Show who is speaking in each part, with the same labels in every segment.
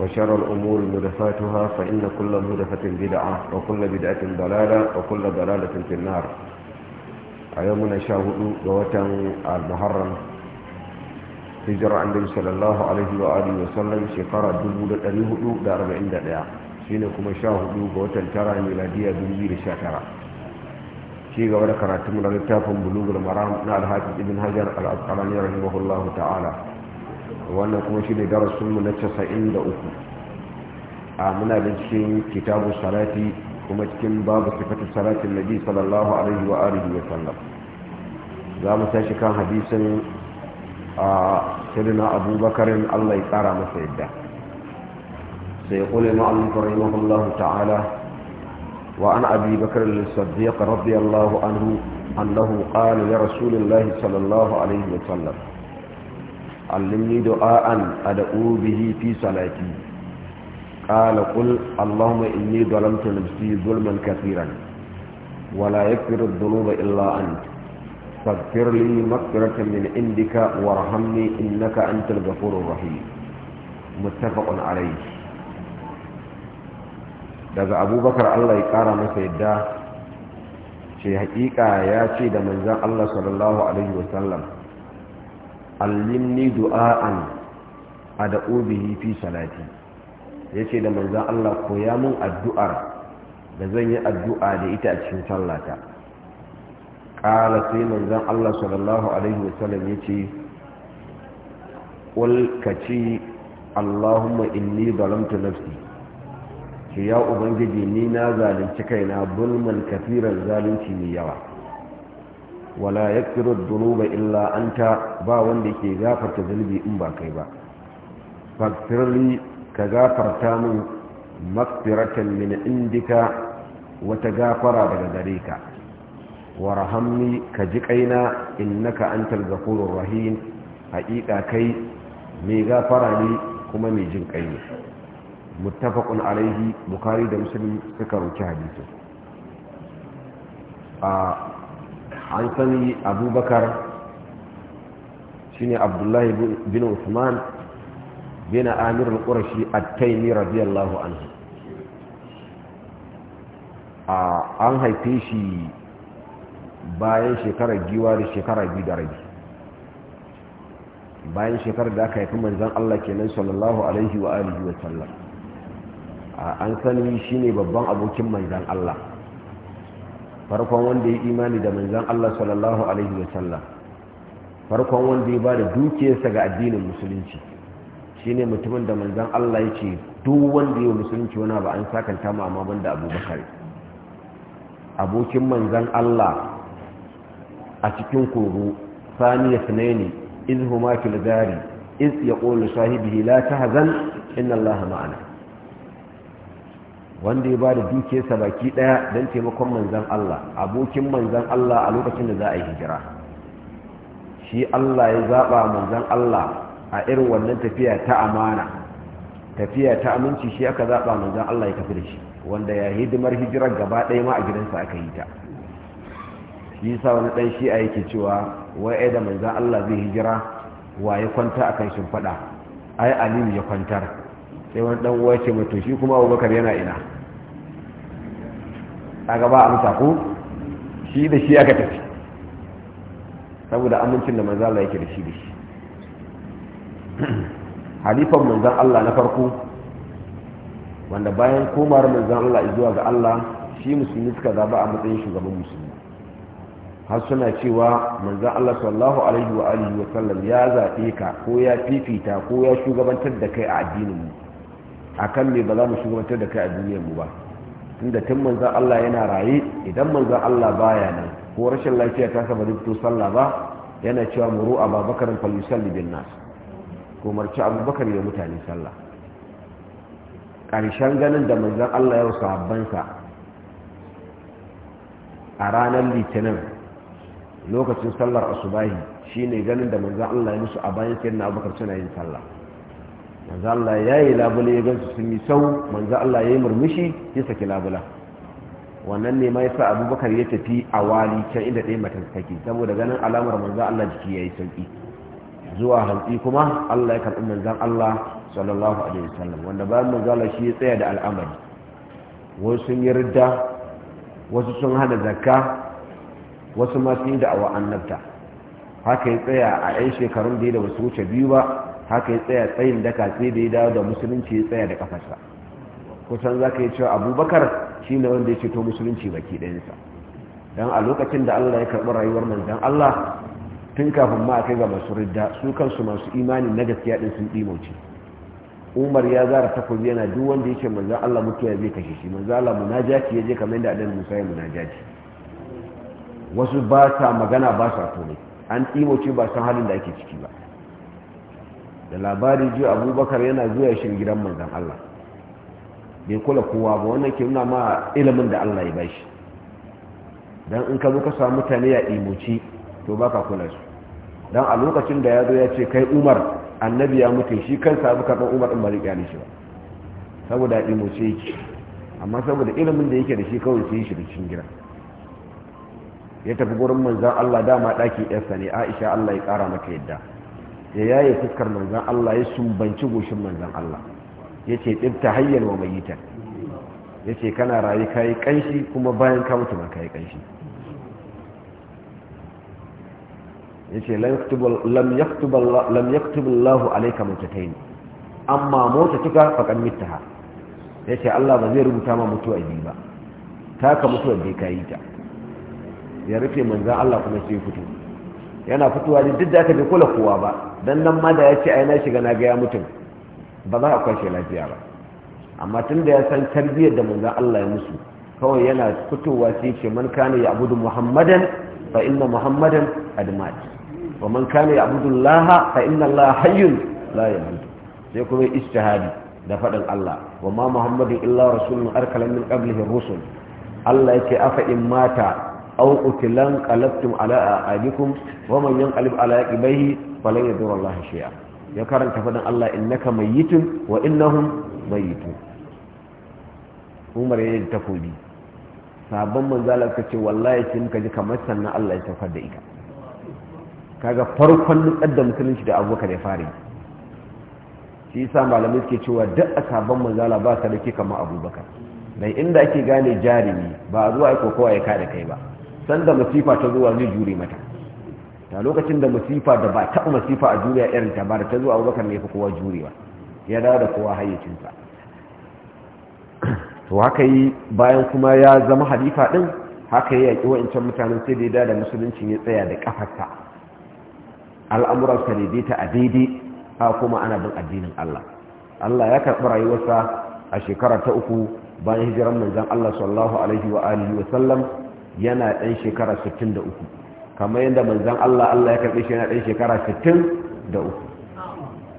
Speaker 1: وشر الأمور مدفاتها فإن كل مدفة بدعة وكل بدعة ضلالة وكل ضلالة في النار أيامنا شاهد دوتا المحرم هجر عن صلى الله عليه وآله وسلم شقارة دبودة اليهود دار عند دعا شينكم شاهد دوتا ترى ميلادية دبودة شاترة شيء غير كراتم للتافم بلوغ المرام نال حافظ ابن هجر الأبقراني رحمه الله تعالى wannan kuma shi ne darasinmu na 93 a muna da cikin kitabu salati kuma cikin babu sifatu salatin nabi sallallahu alaihi wa alihi wa sallam za mu tashi kan hadisin a sirina abubakarin allah ya tsara masa yadda sai kule ma'alun rahimahullahu ta'ala وعن أبي بكر الصديق رضي الله عنه أنه قال لرسول الله sallallahu alaihi wa sallam. علمني دعاء أدعو به في صلاتي قال قل اللهم إني ظلمت نفسي ظلما كثيرا ولا يكفر الذنوب إلا أنت فاغفر لي مغفرة من عندك وارحمني إنك أنت الغفور الرحيم متفق عليه daga abubakar allah ya kara masa yadda ce hakika ya ce da manzan allah sallallahu alaihi wasallam allimni du'a'an ad'u bihi fi salati yace da manzon Allah koya mun addu'ar da zan yi addu'a da ita a cikin sallata ƙara sai manzan Allah sallallahu Alaihi wasallam ya ce ƙulkaci Allahumma inni zalamtu nafsi ke ya Ubangiji ni na zalunci kaina bulman kafiran zalunci mai yawa wala yaghfiru dhunuba illa ta ba wanda yake gafarta zunubi in ba kai ba faghfirli ka gafarta min maghfiratan min indika wata gafara daga gare ka warhamni ka ji kaina innaka antal ghafurur rahim haƙiƙa kai mai gafara ne kuma mai jin kai ne muttafaqun alaihi bukhari da muslim suka ruci hadisi a an sani abubakar shine abdullahi bin usman bin amir al-qurashi at-taymi radiyallahu anhu an haife shi bayan shekarar giwa da shekara biyu da rabi bayan shekarar da aka haifi manzan Allah kenan sallallahu alaihi wa alihi wa sallam an sani shine babban abokin manzan Allah farkon wanda ya imani da manzan Allah sallallahu alaihi wa farkon wanda ya ba da dukiyarsa ga addinin musulunci shine mutumin da manzan Allah ya ce duk wanda ya musulunci wani ba an sakanta mu amma banda abubakar abokin manzan Allah a cikin koro saniya sunaini iz huma fil gari ya yaqulu sahibihi la hazan, inna allaha ma'ana wanda ya bada dukiyarsa baki daya don taimakon manzan Allah abokin manzan Allah a lokacin da za a yi hijira shi Allah ya zaba manzan Allah a irin wannan tafiya ta amana tafiya ta aminci shi aka zaba manzan Allah ya tafi da shi wanda ya hidimar hijirar gaba daya ma a gidansa aka yi ta shi sa wani dan a yake cewa wai da manzan Allah zai hijira wa ya kwanta akan shimfiɗa ai aliyu ya kwantar sai wani dan uwa ce mai shi kuma abubakar yana ina kaga ba amsa ko shi da shi aka tafi saboda amincin da manzo Allah yake da shi da shi halifan manzo Allah na farko wanda bayan komawar manzo Allah zuwa ga Allah shi musulmi suka zaba a matsayin shugaban musulmi har suna cewa manzo Allah sallallahu alaihi wa alihi wa sallam ya zabe ka ko ya fifita ko ya shugabantar da kai a addinin mu akan me ba za mu shugabantar da kai a duniyar mu ba tunda tun manzan Allah yana raye idan manzan Allah baya nan ko rashin lafiya ta saba fito sallah ba yana cewa muru a babakarin falisalli bin nas ko marci abubakar ya mutane sallah ƙarshen ganin da manzan Allah ya wasu abansa a ranar litinin lokacin sallar asubahi shine ganin da manzan Allah ya musu a bayan sayyidina abubakar suna yin sallah manzo Allah ya yi labule ya gansu sun yi sau manzo Allah ya yi murmushi ya saki labula wannan ne ma ya sa abubakar ya tafi a wali can inda ɗaya matan take saboda ganin alamar manzo Allah jiki ya yi sauƙi zuwa hantsi kuma Allah ya karɓi manzan Allah sallallahu alaihi wasallam wanda bayan manzo Allah shi ya tsaya da al'amari wasu sun yi ridda wasu sun hana zakka wasu ma sun yi da'awa annabta haka ya tsaya a 'yan shekarun da ya da wasu wuce biyu ba haka ya tsaya tsayin daka sai da ya dawo da musulunci ya tsaya da kafarsa kusan za ka yi cewa abubakar shi ne wanda ya ceto musulunci baki ɗayansa don a lokacin da allah ya karɓi rayuwar nan don allah tun kafin ma a kai ga masu ridda su kansu masu imani na gaskiya ɗin sun ɗimauce umar ya zara takobi yana duk wanda ya yake manzan allah mutuwa zai kashe shi manzan allah munajaci ya je kamar yadda adan musa ya munajaci wasu ba sa magana ba sa komai an ɗimauce ba san halin da ake ciki ba da labari ji abubakar yana zuwa shi gidan manzan Allah bai kula kowa ba wannan ke nuna ma ilimin da Allah ya bashi dan in ka zo ka samu mutane ya imoci to baka kula su dan a lokacin da ya zo ya ce kai Umar annabi ya mutu shi kansa abu karɓar Umar din bari kyale shi ba saboda ya yake amma saboda ilimin da yake da shi kawai sai shi da cikin gida ya tafi gurin manzan Allah dama daki yarsa ne Aisha Allah ya kara maka yadda ya yaye fuskar manzan Allah ya sumbanci goshin manzan Allah ya ce ɗibta hayyar wa mayitan ya ce kana rayu ka yi ƙanshi kuma bayan ka mutu ma ka yi ƙanshi ya ce lam yaktubullahu alaika mutataini amma mota tuka faƙan mitaha ya ce Allah ba zai rubuta ma mutuwa biyu ba ta ka mutuwa bai ka yi ta ya rufe manzan Allah kuma sai fito yana fitowa ne duk da aka bai kula kowa ba don nan ma da ya ce ai na shiga na gaya mutum ba za a kwashe lafiya ba amma tun da ya san tarbiyyar da manzon Allah ya musu kawai yana fitowa sai ce man kana ya abudu muhammadan fa inna muhammadan admat wa man kana ya abudu laha fa inna Allah hayyun la yamut sai kuma ijtihadi da faɗin Allah wa ma muhammadin illa rasulun arkalan min qablihi rusul Allah yake afa in mata aw qutilan qalabtum ala a'adikum wa man yanqalib ala ibaihi falan yadurra Allah shay'a ya karanta fadan Allah innaka mayyitun wa innahum mayyitun Umar ya ta kobi sabon manzala ka ce wallahi kin kaji ji kamar sannan Allah ya saukar da ita kaga farkon nutsar da musulunci da abubakar ya fare shi yasa malamai suke cewa duk a sabon manzala ba sa da kika ma abubakar dan inda ake gane jarumi ba a zuwa ai kokowa ya kare kai ba sanda masifa ta zuwa zai jure mata ta lokacin da masifa da ba taɓa masifa a juriya irin ta ba da ta zuwa abubakar ne fi kowa jurewa ya dawo da kowa hayyacinsa to haka yi bayan kuma ya zama halifa ɗin haka yi yaƙi wa'incan mutanen sai da ya da musuluncin ya tsaya da ƙafarsa al'amuransa daidaita a daidai a kuma ana bin addinin Allah Allah ya karɓi rayuwarsa a shekara ta uku bayan hijiran manzan Allah sallallahu alaihi wa alihi wa sallam yana ɗan shekara 63 kamar yadda manzan Allah Allah ya karɓi shi yana ɗan shekara 63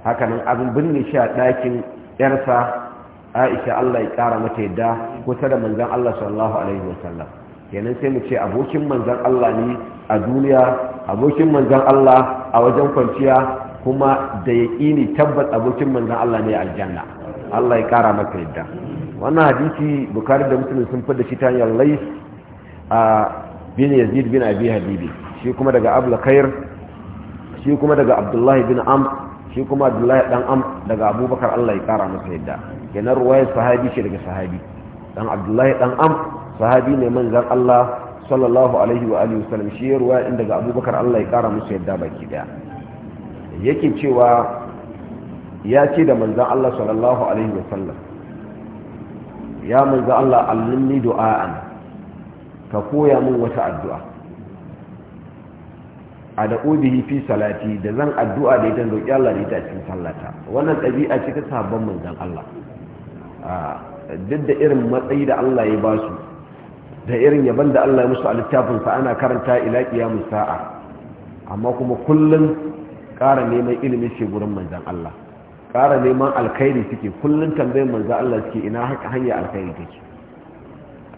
Speaker 1: hakanan abin binne shi a ɗakin ƴarsa Aisha Allah ya ƙara mata yadda kusa da manzan Allah sallallahu alaihi wasallam kenan sai mu ce abokin manzan Allah ne a duniya abokin manzan Allah a wajen kwanciya kuma da yaƙini tabbas abokin manzan Allah ne a aljanna Allah ya ƙara mata yadda wannan hadisi bukari da musulun sun fi da shi ta hanyar lais a bin yazid bin abi habibi shi kuma daga abul khair shi kuma daga abdullahi bin am shi kuma abdullahi dan am daga abubakar allah ya kara masa yadda kenan ruwayar sahabi shi daga sahabi dan abdullahi dan am sahabi ne manzan allah sallallahu alaihi wa alihi wasallam shi ya ruwa inda ga abubakar allah ya kara musu yadda baki daya yake cewa ya ce da manzan allah sallallahu alaihi wasallam ya manzan allah ni du'a'an ka koya min wata addu'a a da fi salati da zan addu'a da idan roƙi Allah da ita cikin sallata wannan ɗabi'a ce ta sabon manzan Allah duk da irin matsayi da Allah ya ba su da irin yaban da Allah ya musu a littafin sa ana karanta ila ƙiyamun sa'a amma kuma kullum ƙara neman ilimin shi gurin manzan Allah ƙara neman alkhairi suke kullum tambayin manzan Allah suke ina haka hanya alkhairi take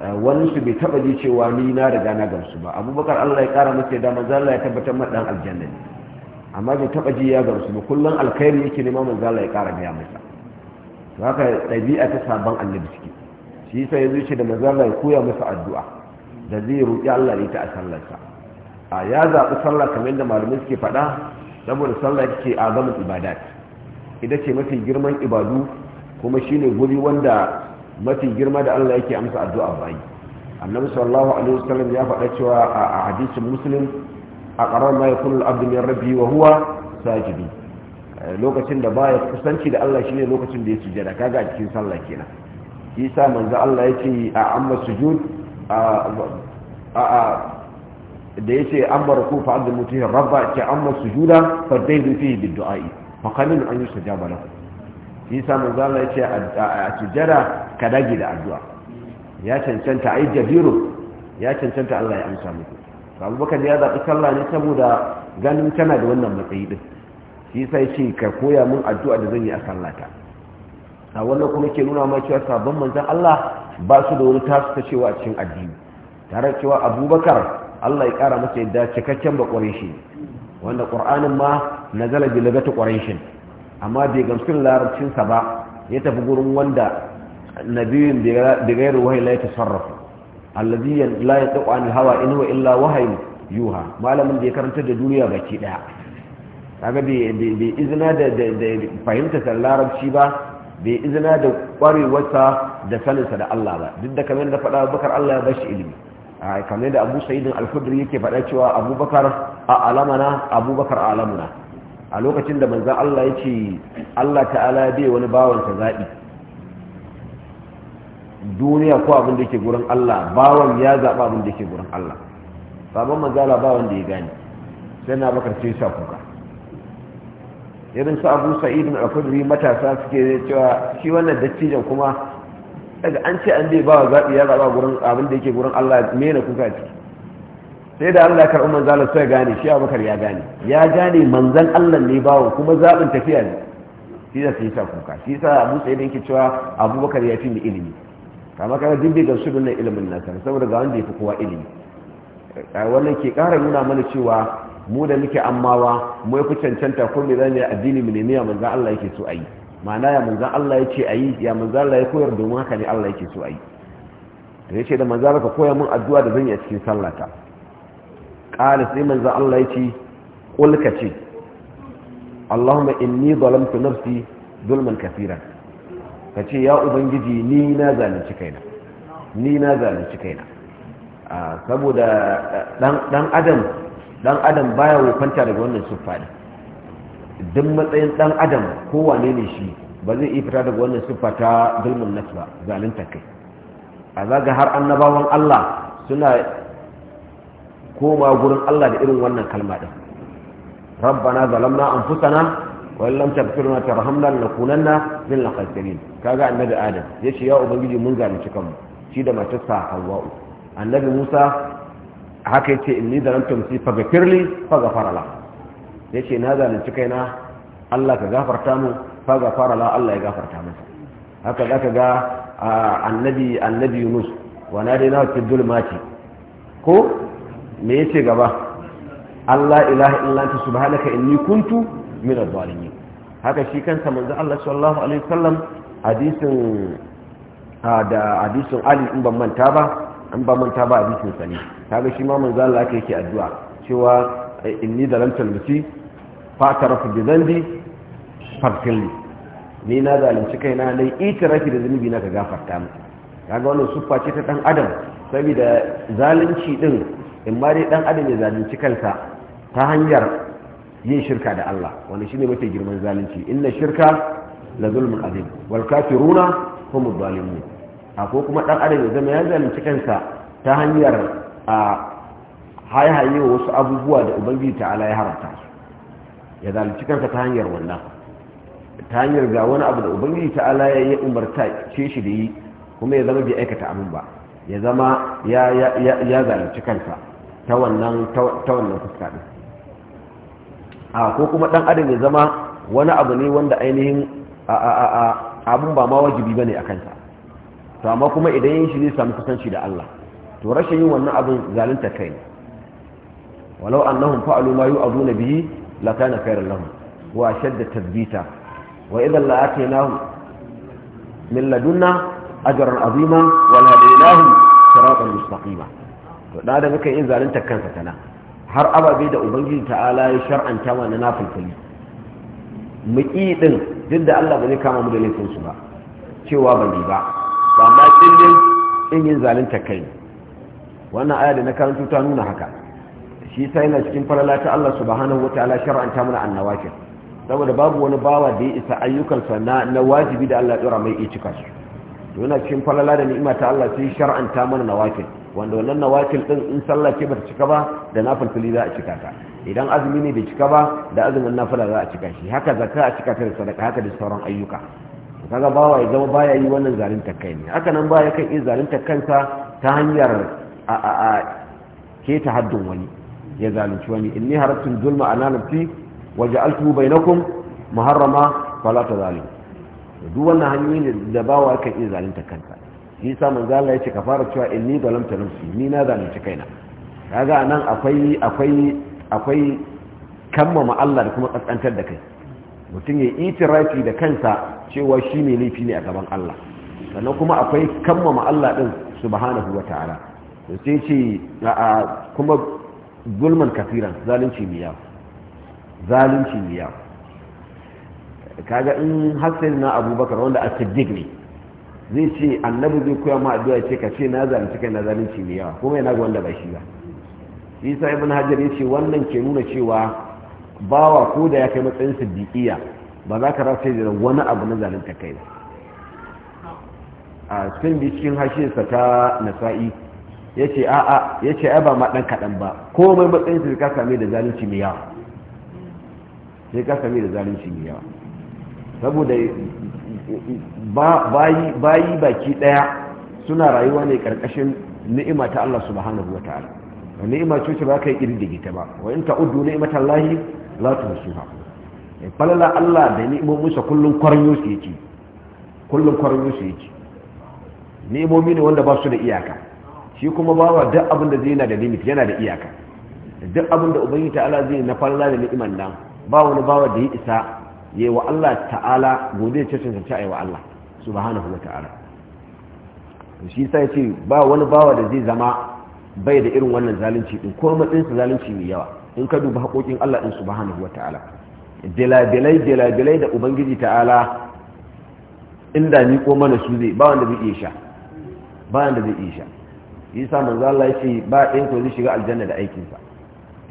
Speaker 1: wani su bai taba ji cewa ni na riga na gamsu ba abubakar allah ya kara masa da manzo allah ya tabbatar ma dan aljanna ne amma bai taba ji ya gamsu ba kullum alkhairi yake nema manzo allah ya kara gaya masa to haka dabi'a ta sabon annabi suke shi sai ya zuce da manzo allah ya koya masa addu'a da zai roƙi allah ne ta a sallarsa a ya zaɓi sallah kamar yadda malamai suke faɗa saboda sallah ce azamin ibadat ita ce mafi girman ibadu kuma shine guri wanda mafi girma da Allah yake amsa addu'a bayi annabi sallallahu alaihi wasallam ya faɗa cewa a hadisin muslim a qarar ma yakunu al-abdu min rabbi wa huwa sajidi eh, lokacin da baya kusanci da Allah shine lokacin da ya sujada kaga a cikin sallah kenan isa manzo Allah yake a amma sujud a a da yace amma ruku fa abdu mutihi rabba ke amma sujuda fa daidu fihi bid du'a fa qalil an yustajaba lahu isa manzo Allah yake a sujada ka dage da addu'a ya cancanta ai jabiru ya cancanta Allah ya amsa muku abubakar ya zaɓi sallah ne saboda ganin tana da wannan matsayi din shi sai ce ka koya mun addu'a da zan yi a sallata a wannan kuma ke nuna ma cewa sabon manzon Allah ba su da wani tasu ta cewa a cikin addini tare cewa abubakar Allah ya kara masa yadda cikakken ba shi wanda ƙur'anin ma na zalabi lagata ƙwarishin amma bai gamsu larabcinsa ba ya tafi gurin wanda نبي بغير وحي لا يتصرف الذي لا يطلق عن الهوى إن هو إلا وحي يوها ما لم يكرنت الدنيا بكي لها kaga bai izina da fahimtarsa larabci ba bai izina da kwarewarsa da saninsa da Allah ba duk da kamar da faɗa bakar Allah ya ba shi ilimi kamar da abu sa'idin alfudri yake faɗa cewa abubakar a alamana abubakar a alamuna a lokacin da manzan Allah ya ce Allah ta'ala bai wani bawansa zaɓi duniya ko abin da yake gurin Allah bawan ya zaɓa abin da yake gurin Allah sabon manzala bawan da ya gane sai na bakar ce sa kuka irin su abu sa'id na akudri matasa suke cewa shi wannan dattijan kuma daga an ce an bai bawa zaɓi ya zaɓa gurin abin da yake gurin Allah mena kuka ce sai da Allah karɓi manzalar sai gane shi abubakar ya gane ya gane manzan Allah ne bawa kuma zaɓin tafiya ne shi da sai sa kuka shi sa abu sa'id yake cewa abubakar ya fi ni ilimi kama kana duk bai su da wannan ilimin nasa saboda ga wanda ya fi kowa ilimi wannan ke ƙara nuna mana cewa mu da muke ammawa mu fi cancanta ko me yi addini mu ne ya manzan Allah yake so ayi ma'ana ya manzan Allah ya ce ayi ya manzan Allah ya koyar domin haka ne Allah yake so ayi da yace da manzan ka koya mun addu'a da zan yi a cikin sallata qala sai manzan Allah ya ce qul ka ce Allahumma inni zalamtu nafsi zulman kaseeran ka ce ya ubangiji ni na zalunci kaina ni na zalunci kaina saboda dan eh, adam dan adam baya wofanta daga wannan siffa ne duk matsayin dan adam kowane ne shi ba zai yi fita daga wannan siffa ta zulmun nas ba zalunta kai a zaga har annabawan Allah suna koma gurin Allah da irin wannan kalma din rabbana zalamna anfusana wani lam tafsir na tarhamna lakunanna min lakasirin kaga annabi adam ya ce ya ubangiji mun zalunci kanmu shi da matarsa hawa'u annabi musa haka yace inni zalamtum si faghfirli faghfara la yace na zalunci kaina Allah ka gafarta mu faghfara la Allah ya gafarta masa haka zaka ga annabi annabi Yunus wa nadina fi dhulmati ko me yace gaba Allah ilaha illa anta subhanaka inni kuntu min adh-dhalimin haka shi kansa manzo Allah sallallahu alaihi wasallam hadisin da hadisin Ali in ban manta ba an ban manta ba hadisin sani ne kaga shi ma manzo Allah yake yake addu'a cewa inni zalamtu al-musi fa tarafu bi dhanbi faghfirli ni na zalunci kai na dai itirafi da zunubi na ka gafarta mu kaga wannan suffa ce ta dan adam saboda zalunci din in ma dai dan adam ya zalunci kansa ta hanyar yin shirka da Allah wanda shine mafi girman zalunci inna shirka la zulmun azim wal kafiruna hum zalimun akwai kuma dan adam ya zama ya zalunci kansa ta hanyar a haihaye wasu abubuwa da ubangiji ta'ala ya haramta ya zalunci kansa ta hanyar wannan ta hanyar ga wani abu da ubangiji ta'ala ya umarta ce shi da yi kuma ya zama bai aikata abin ba ya zama ya zalunci kansa ta wannan fuska ɗin a ko kuma dan adam ya zama wani abu ne wanda ainihin abun ba ma wajibi bane a kanta to amma kuma idan yin shi zai samu kusanci da Allah to rashin yin wannan abin zalunta kai ne walau annahum fa'alu ma yu'aduna bihi la kana khairan lahum wa shadda tadbita wa idan la atainahum min ladunna ajran azima wa la hadainahum siratan mustaqima to da da muka yin zalunta kansa kana har ababe da ubangiji ta'ala ya shar'anta mana na fulfuli mu ƙi din duk da Allah ba zai kama mu da laifinsu ba cewa ban yi ba ba amma kin in yin zalunta kai wannan aya da na karanta ta nuna haka shi sai na cikin falala ta Allah subhanahu wataala shar'anta mana annawafil saboda babu wani bawa da ya isa ayyukansa na na wajibi da Allah ya dora mai iya cika su yana cikin falala da ni'ima ta Allah sai shar'anta mana nawafil wanda wannan nawafil din in sallah ce bata cika ba da nafilfili za a cika ta idan azumi ne bai cika ba da azumin nafila za a cika shi haka zakka a cika ta da sadaka haka da sauran ayyuka kaga bawa ya zama baya yi wannan zalunta kai ne haka nan baya kan iya zalunta kansa ta hanyar a a a keta haddin wani ya zalunci wani inni harabtu zulma ala nafsi wa ja'altu bainakum muharrama fala tazalim duk wannan hanyoyi ne da bawa kan iya zalunta kansa shi sa zala ya ce ka fara cewa inni zalamtu nafsi ni na zalunci kaina kaga nan akwai akwai akwai kammama Allah da kuma kaskantar da kai mutum ya itirafi da kansa cewa shi ne laifi ne a gaban Allah sannan kuma akwai kammama Allah din subhanahu wataala da sai ce a kuma gulman kafiran zalunci mai yawa zalunci mai yawa kaga in har na abubakar wanda a ne zai ce annabi zai koya ma addu'a ce ka ce na zalunci kai na zalunci mai yawa kuma yana ga wanda ba shi ba isa ibn hajar ya ce wannan ke nuna cewa bawa ko da ya kai matsayin siddiqiya ba za ka rasa da wani abu na zalunta kai ba a cikin harshen sa ta nasa'i ya ce a'a ya ce ai ba ma ɗan kaɗan ba komai matsayin sa ka same da zalunci mai yawa sai ka same da zalunci mai yawa saboda bayi baki daya suna rayuwa ne karkashin ni'ima ta Allah subhanahu wa ta'ala ni'ima ce ba ka yi da ta ba wa in ta'uddu ni'imata lahi la tuhsuha eh, falala Allah da ni'imomin sa kullun kwarnyo su yake kullun kwarnyo su yake ni'imomi ne wanda ba su da iyaka shi kuma bawa duk abin da zai na da limit yana da iyaka duk abin da ubangiji allah zai na falala da ni'iman nan ba wani bawa da ya isa yayi wa Allah ta'ala gobe ce ce ta yi wa Allah subhanahu wa ta'ala shi ya ce ba wani bawa da zai zama bai da irin wannan zalunci din ko matsayin zalunci mai yawa in ka duba haƙoƙin Allah din subhanahu wa ta'ala dalabilai dalabilai da ubangiji ta'ala inda ni ko mana su zai ba wanda zai iya sha ba wanda zai iya sha yasa manzo Allah ce ba ɗayan ko zai shiga aljanna da aikinsa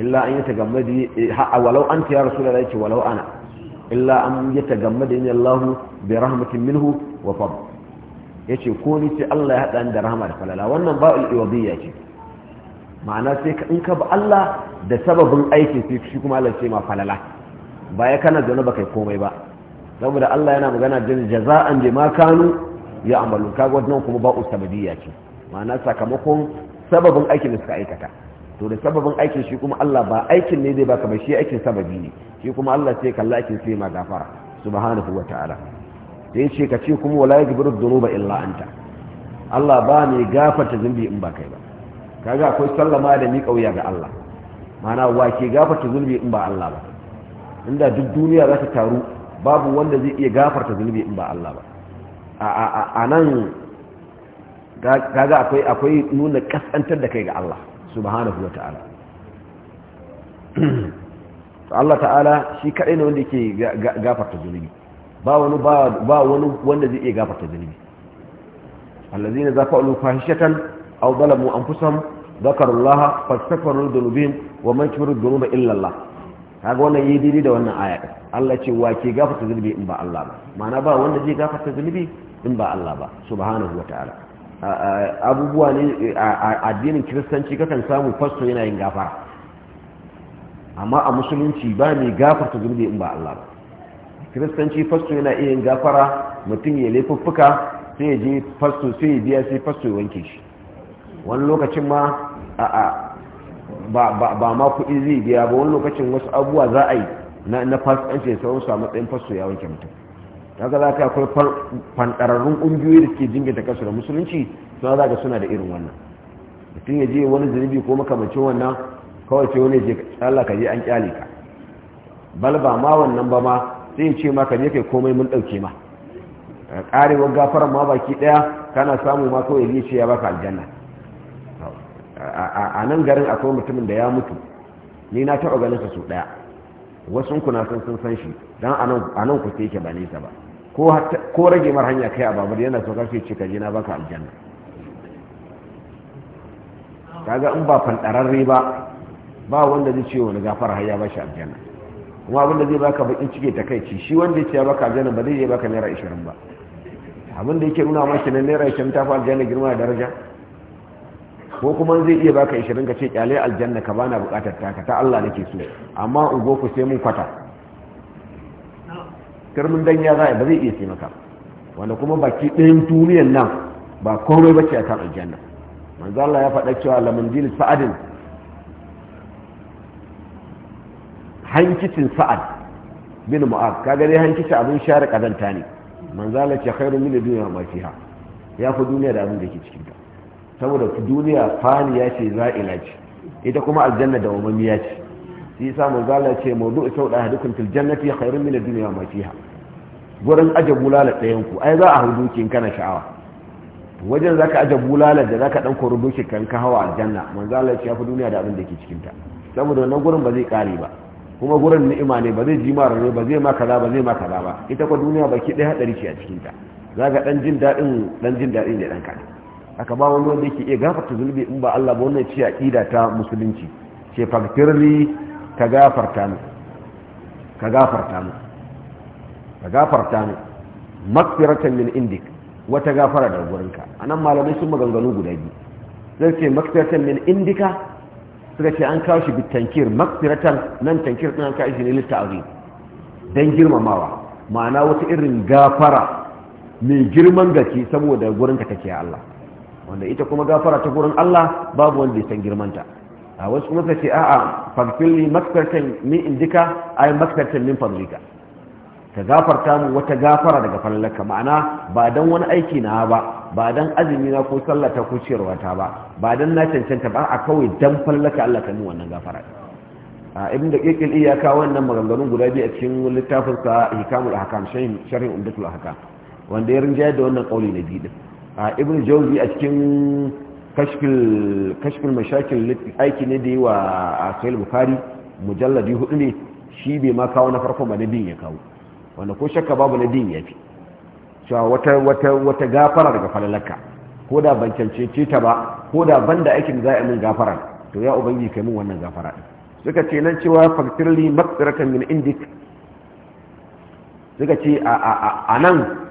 Speaker 1: illa an yi tagammadi eh, ha walau anta ya rasulullahi yace walau ana illa an yatagammadani ni Allah bi rahmatin minhu wa fadl yace ko ni ce Allah ya hada ni da rahama da falala wannan ba'ul iwadiyya ce ma'ana sai in ka ba Allah da sababin aikin sai shi kuma Allah ce ma falala ba ya kana zaune ba kai komai ba saboda Allah yana magana da jaza'an je kanu ya amalu kaga wannan kuma ba'u sabadiyya ce ma'ana sakamakon sababin aikin da suka aikata to da sababin aikin shi kuma Allah ba aikin ne zai baka ba shi aikin sababi ne shi kuma Allah sai kalla aikin sai ma gafara subhanahu wa ta'ala sai ce ka ce kuma wala yajburu dhunuba illa anta Allah ba ne gafarta zunubi in ba kai ba kaga akwai sallama da mi kauya ga Allah mana wa ke gafarta zunubi in ba Allah ba inda duk duniya za ta taru babu wanda zai iya gafarta zunubi in ba Allah ba a nan kaga akwai akwai nuna kasantar da kai ga Allah subhanahu wa ta'ala Allah ta'ala shi kaɗai ne wanda yake gafarta zunubi ba wani ba wani wanda zai iya gafarta zunubi allazina zafa'u fahishatan aw zalamu anfusahum zakarullaha fastaghfiru dhunubihim wa man yaghfiru dhunuba illa illallah kaga wannan yi daidai da wannan aya Allah ce wa ke gafarta zunubi in ba Allah ba mana ba wanda zai gafarta zunubi in ba Allah ba subhanahu wa ta'ala abubuwa ne a addinin kiristanci kakan samu fasto yana yin gafara amma a musulunci ba mai gafarta zurbe in ba Allah ba kiristanci fasto yana iya yin gafara mutum ya laifuffuka sai ya je fasto sai ya biya sai fasto ya wanke shi wani lokacin ma ba ma kuɗi zai biya ba wani lokacin wasu abubuwa za a yi na fasikanci ya sauransu a matsayin fasto ya wanke mutum ga za ka akwai fantararrun ƙungiyoyi da suke jingata kansu da musulunci suna za ka suna da irin wannan mutum ya je wani zunubi ko makamacin wannan kawai ce wani je Allah ka je an kyale ka bal ba ma wannan ba ma sai ce ma ka je kai komai mun ɗauke ma karewar gafarar ma baki daya kana samu ma kawai ya ce ya baka aljanna a nan garin akwai mutumin da ya mutu ni na taɓa ganin sa su daya wasu kuna sun san shi dan a nan ku sai yake ba nesa ba ko rage mar hanya kai a babur yana so karfe ce ka jina na baka aljanna kaga in ba fanɗararre ba ba wanda zai ce wani gafar haya ba shi aljanna kuma abin da zai baka bakin cike ta kai ci shi wanda ya ce ya baka aljanna ba zai je baka naira ishirin ba abin da yake nuna mashi na naira ishirin ta fi aljanna girma da daraja ko kuma zai iya baka ishirin ka ce kyale aljanna ka bana bukatar ta ka ta Allah nake so amma ugo ku sai mun kwata karmin danya za ba zai iya sai maka wanda kuma baki ɗayan duniyan nan ba komai ba ce a kan aljanna manzo Allah ya faɗa cewa lamanzil sa'adin hankicin sa'ad bin mu'ad kaga dai hankicin abin share kazanta ne manzo Allah ce khairu min dunya ma fiha ya fi duniya da abin da ke cikin ta saboda duniya fani ya ce za'ila ce ita kuma aljanna da ya ce shi yasa manzo Allah ce sau sauda hadukum fil jannati khairun min ad-dunya ma fiha gurin aje bulala ɗayan ku ai za a hudu kin kana sha'awa wajen zaka aje bulala da zaka dan kori doki kan ka hawa aljanna manzo Allah ce fi duniya da abin da ke cikin ta saboda wannan gurin ba zai kare ba kuma gurin ni'ima ne ba zai ji ma ne ba zai ma kaza ba zai ma kaza ba ita ko duniya baki ɗaya hadari ce a cikin ta zaka dan jin dadin dan jin dadin da dan ka aka ba wani wanda yake iya gafarta zunubi in ba Allah ba wannan ce aqida ta musulunci ce faktirli ka gafarta mu ka gafarta mu ka gafarta mu maghfiratan min indik wata gafara daga gurinka anan malamai sun maganganu guda biyu zai ce makfiratan min indika suka ce an kawo shi bi tankir makfiratan nan tankir din an kawo shi ne azu dan girmamawa ma'ana wata irin gafara mai girman gaci saboda gurinka take Allah wanda ita kuma gafara ta gurin Allah babu wanda ya san girmanta a wasu kuma ka ce a fagfilli makartan min indika ai makartan min fadlika ka gafarta mu wata gafara daga fallaka ma'ana ba dan wani aiki na ba ba dan azumi na ko sallata ko ciyarwa ta ba ba dan na cancanta ba a kawai dan fallaka Allah ka nuna wannan gafara a ibn da kekil iyaka wannan maganganun guda biyu a cikin littafin sa hikamul ahkam sharhi umdatul ahkam wanda ya rinjaya da wannan kauli na biyu din a ibn jawzi a cikin kashfil mashakin aiki ne da yi wa a sayil bukari mujalladi hudu ne shi bai ma kawo na farko ba na biyun ya kawo wanda ko shakka babu na biyun ya fi cewa wata wata gafara daga falalaka ko da ban cancance ta ba ko da ban da aikin za a min gafara to ya ubangi kai min wannan gafara din suka ce nan cewa faktirli maghfiratan min indik suka ce a nan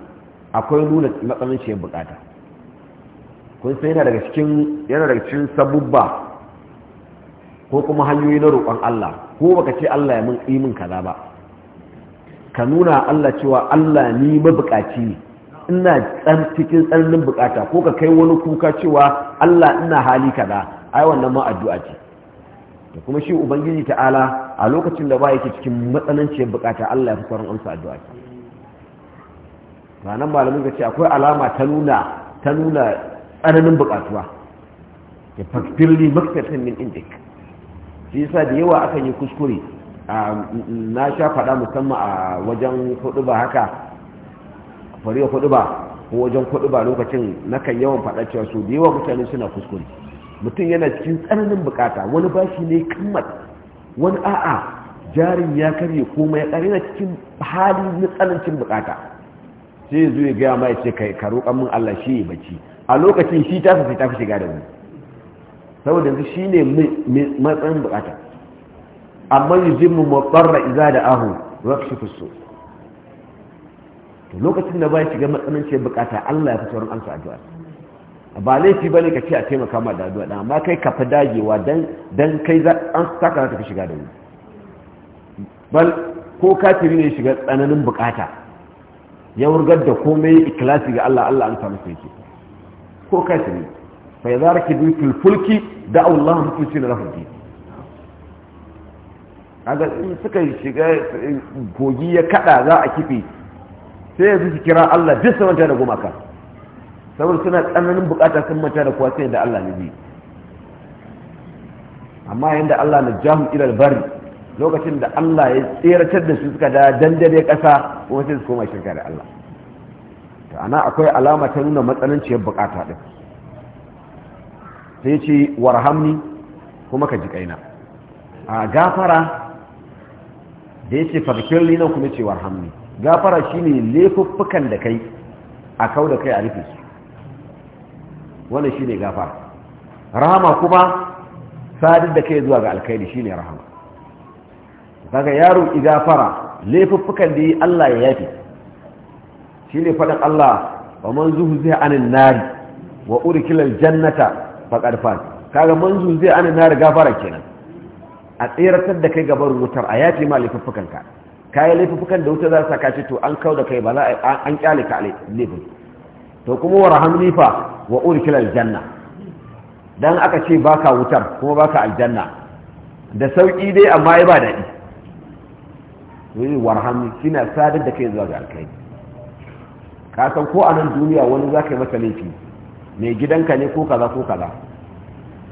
Speaker 1: akwai nuna matsalin shi bukata kun sai yana daga cikin yana daga cikin sabubba ko kuma hanyoyi na roƙon Allah ko baka ce Allah ya mun imin kaza ba ka nuna Allah cewa Allah ni mabukaci ne ina tsan cikin tsananin bukata ko ka kai wani kuka cewa Allah ina hali kaza ai wannan ma addu'a ce da kuma shi ubangiji ta'ala a lokacin da ba yake cikin matsananciyar bukata Allah ya fi sauran amsa addu'a ce ranar malamin ka ce akwai alama ta nuna ta nuna tsananin bukatuwa ya fakfirli maktafin min indik shi yasa da yawa akan yi kuskure na sha faɗa musamman a wajen kuɗi ba haka fariya kuɗi ba ko wajen kuɗi ba lokacin na kan yawan faɗa cewa su da yawa mutane suna kuskure mutum yana cikin tsananin bukata wani bashi ne kammat wani a'a jarin ya karye komai ya karye na cikin hali na tsanancin bukata sai zuwa ya gaya ma ya ce ka karo min Allah shi ya bacci a lokacin shi ta sai ta fi shiga da mu saboda yanzu shi ne matsayin bukata amma yi zimmu matsarra iza da ahu rafi fuso to lokacin da ba shiga ce bukata allah ya fi sauran amsa addu'a ba laifi ba ne ka ce a taimaka ma da addu'a amma kai ka fi dagewa don kai za saka za ka fi shiga da mu bal ko kafiri ne shiga tsananin bukata ya wurgar da komai ikilasi ga allah allah an samu sai ke ko ne, fa za ki bi fulki da'u Allah mukhlisina lahu din kaga in suka shiga kogi ya kada za a kife sai ya zuci kira Allah duk sun manta da gumaka saboda suna tsananin bukata sun manta da kuwa sai da Allah ne bi amma yadda Allah na jahu ila bari lokacin da Allah ya tseratar da su suka da dandare kasa kuma sai su koma shirka da Allah ana akwai alama ta nuna matsananciyar bukata din sai ce warhamni kuma ka ji kaina a gafara da ya ce farkin nan kuma ce warhamni gafara shi ne laifuffukan da kai a kau da kai a rufe su shi ne gafara rahama kuma sadin da kai zuwa ga shi ne rahama Daga yaro igafara laifuffukan da yi Allah ya yafi. shi ne faɗin Allah wa man zai anin nari wa urkilal jannata ba ƙarfan kaga man zai anin nari gafara kenan a tseratar da kai gabar wutar a yace ma laifuffukan ka kayan laifuffukan da wuta za ta saka to an kauda kai ba za an kyale ka laifin to kuma wa rahamni fa wa urkilal janna dan aka ce baka wutar kuma baka aljanna da sauki dai amma ya ba daɗi wani shi na sadar da kai zuwa ga alkai ka san ko a nan duniya wani za ka yi masa laifi mai gidanka ne ko kaza ko kaza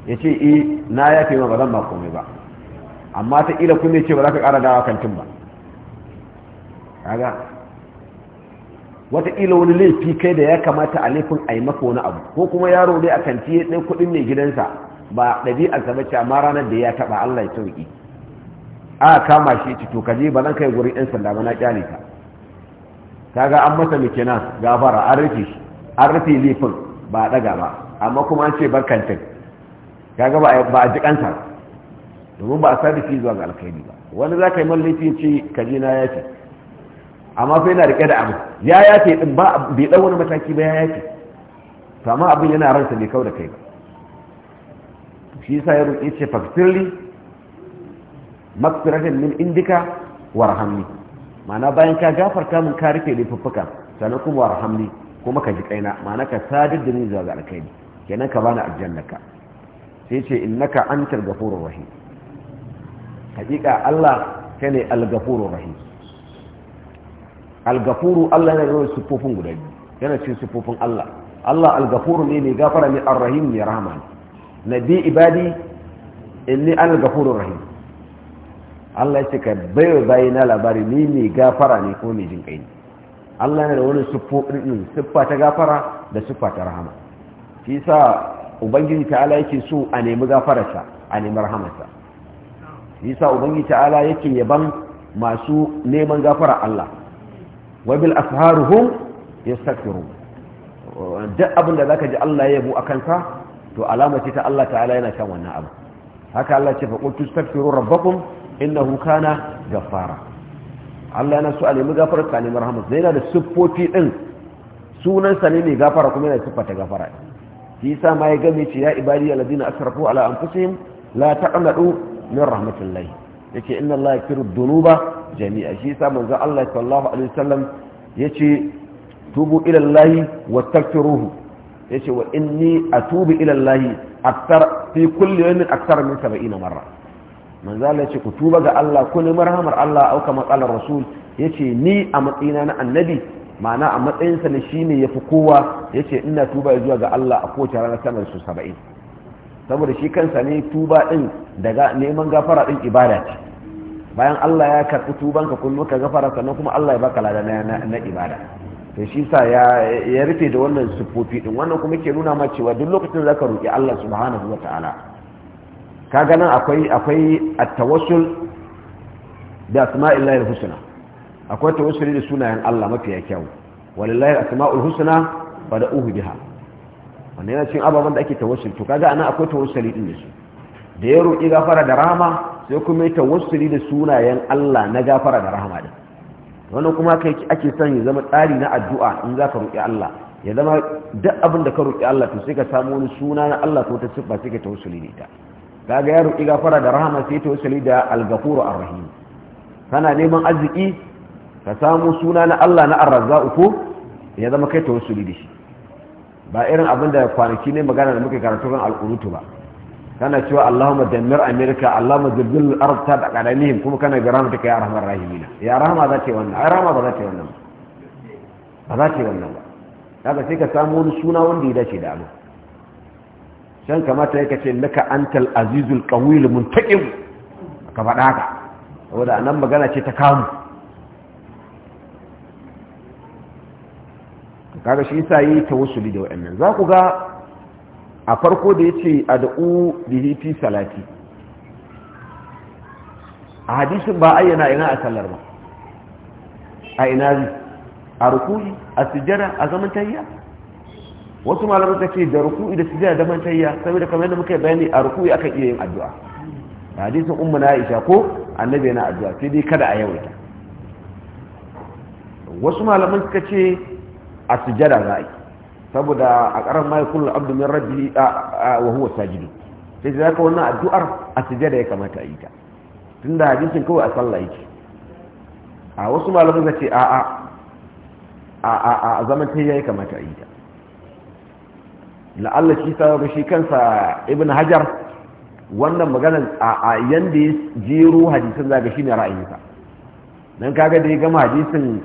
Speaker 1: ya ce e na ya fi ba zan ba komai ba amma ta ila kuma ce ba za ka ƙara dawa kantin ba kaga wataƙila wani laifi kai da ya kamata a laifin a yi maka wani abu ko kuma yaro dai a kanti ya ɗai kuɗin mai gidansa ba ɗabi'ar sa bace amma ranar da ya taɓa allah ya sauƙi a kama shi ci to ka je ba zan kai gurin 'yan sanda ba na ƙyale ka kaga an masa mikina gafara an rufe shi an rufe lifin ba a daga ba amma kuma an ce barkantin kaga ba a ji kansa domin ba a sadi zuwa ga alkhairi ba wani za ka yi mallifi ce kaji na ya ce amma sai yana rike da abu ya ya ce din ba bai dau wani mataki ba ya ya ce to amma abin yana ransa bai kau da kai ba shi yasa ya rufe ce faktirli maksiratin min indika warhamni ma'ana bayan ka gafarta min ka rufe laifuffuka sannan kuma warhamni kuma ka ji kaina ma'ana ka sadar da ni zuwa ga alkhairi kenan ka bani aljannaka sai ce innaka al ghafurur rahim hakika Allah kane al-ghafurur rahim al gafuru Allah yana da sifofin guda biyu yana cin sufufin Allah Allah al gafuru ne mai gafara ne ar-rahim ne rahman nabi ibadi inni al-ghafurur rahim Allah ya ce ka baiwa bayi na labari ni mai gafara ne kuma mai jin kai ne Allah yana da wani siffa ta gafara da siffa ta rahama shi sa ubangiji ta'ala yake so a nemi gafararsa a nemi rahamarsa shi sa ubangiji ta'ala yake yaban masu neman gafara Allah wa bil asharuhum yastaghfirun duk abin da zaka ji Allah ya yabo akan ka to alama ce ta Allah ta'ala yana kan wannan abu haka Allah ce fa qul tastaghfiru rabbakum inna hukana gafara Allah yana so a nemi gafarar sa nemi rahmat zai yana da siffofi din sunan sa ne mai gafara kuma yana siffata gafara shi sa ma ya gami ce ya ibadi alladina asrafu ala an anfusihim la taqnatu min rahmatillah yace inna Allah yaghfiru dhunuba jami'a shi sa manzo Allah sallallahu alaihi wasallam ce tubu ila Allah wastaghfiruhu yace wa inni atubu ila Allah akthar fi kulli yawmin akthar min 70 marra manzala ce ku tuba ga Allah ku nemi rahamar Allah auka matsalar rasul yace ni a matsayina na annabi ma'ana a matsayin sa ne shine yafi kowa yace ina tuba zuwa ga Allah a kowace rana sama da su 70 saboda shi kansa ne tuba din daga neman gafara din ibada ce bayan Allah ya karɓi ka kullum ka gafara sannan kuma Allah ya baka lada na ibada to shi sa ya rufe da wannan sufofi din wannan kuma ke nuna ma cewa duk lokacin zaka roki Allah subhanahu wataala Ka ganin akwai akwai at-tawassul bi asma'illahi al-husna akwai tawassuli da sunayen Allah mafi kyau walillahi asmaul husna uhu biha wannan yana cikin ababen da ake tawassul to kaga anan akwai tawassuli din da su da ya roƙi gafara da rahama sai kuma ya tawassuli da sunayen Allah na gafara da rahama din wannan kuma kai ake son ya zama tsari na addu'a in zaka roƙi Allah ya zama duk abin da ka roƙi Allah to sai ka samu wani suna na Allah ko ta sifa sai ka tawassuli da ita kaga ya iga fara da rahama sai ta wasali da algafuru arrahim kana neman arziki ka samu suna na Allah na arrazzaqu ko ya zama kai ta wasali da shi ba irin abin da kwanaki ne magana da muke karatu kan al'urutu ba kana cewa Allahumma dammir Amerika Allahumma zilzil al-ard ta qadanihim kuma kana ga rahama take ya arhamar rahimin ya rahama za ta wannan ai rahama ba za ta yi wannan ba za ta yi wannan ba kaga sai ka samu wani suna wanda ya dace da Allah can kamata yake ce laka antal azizul qawil muntaqim ka faɗa ka saboda anan magana ce ta kamu kaga shi yasa yi tawassuli da wayannan za ku ga a farko da yace ad'u bihi fi salati a hadisin ba ayyana ina a sallar ba a ina a rukuni a sujjada a zaman tahiyya wasu malamai suka ce da ruku'i da sujada da mantayya saboda kamar yadda muka bayani a ruku'i aka iya yin addu'a hadisin ummu na Aisha ko annabi yana addu'a sai dai kada a yawaita wasu malamai suka ce a sujada za a yi saboda a karan mai kullu abdu min rabbi wa huwa sajidu sai da ka wannan addu'ar a sujada ya kamata a yi ta tunda hadisin kawai a sallah yake a wasu malamai suka ce a a a a zaman tayya ya kamata a yi ta la'alla shi sababin shi kansa ibn hajar wannan maganar a yanda ya jiro hadisin zaga shi ne ra'ayinsa don kaga da ya gama hadisin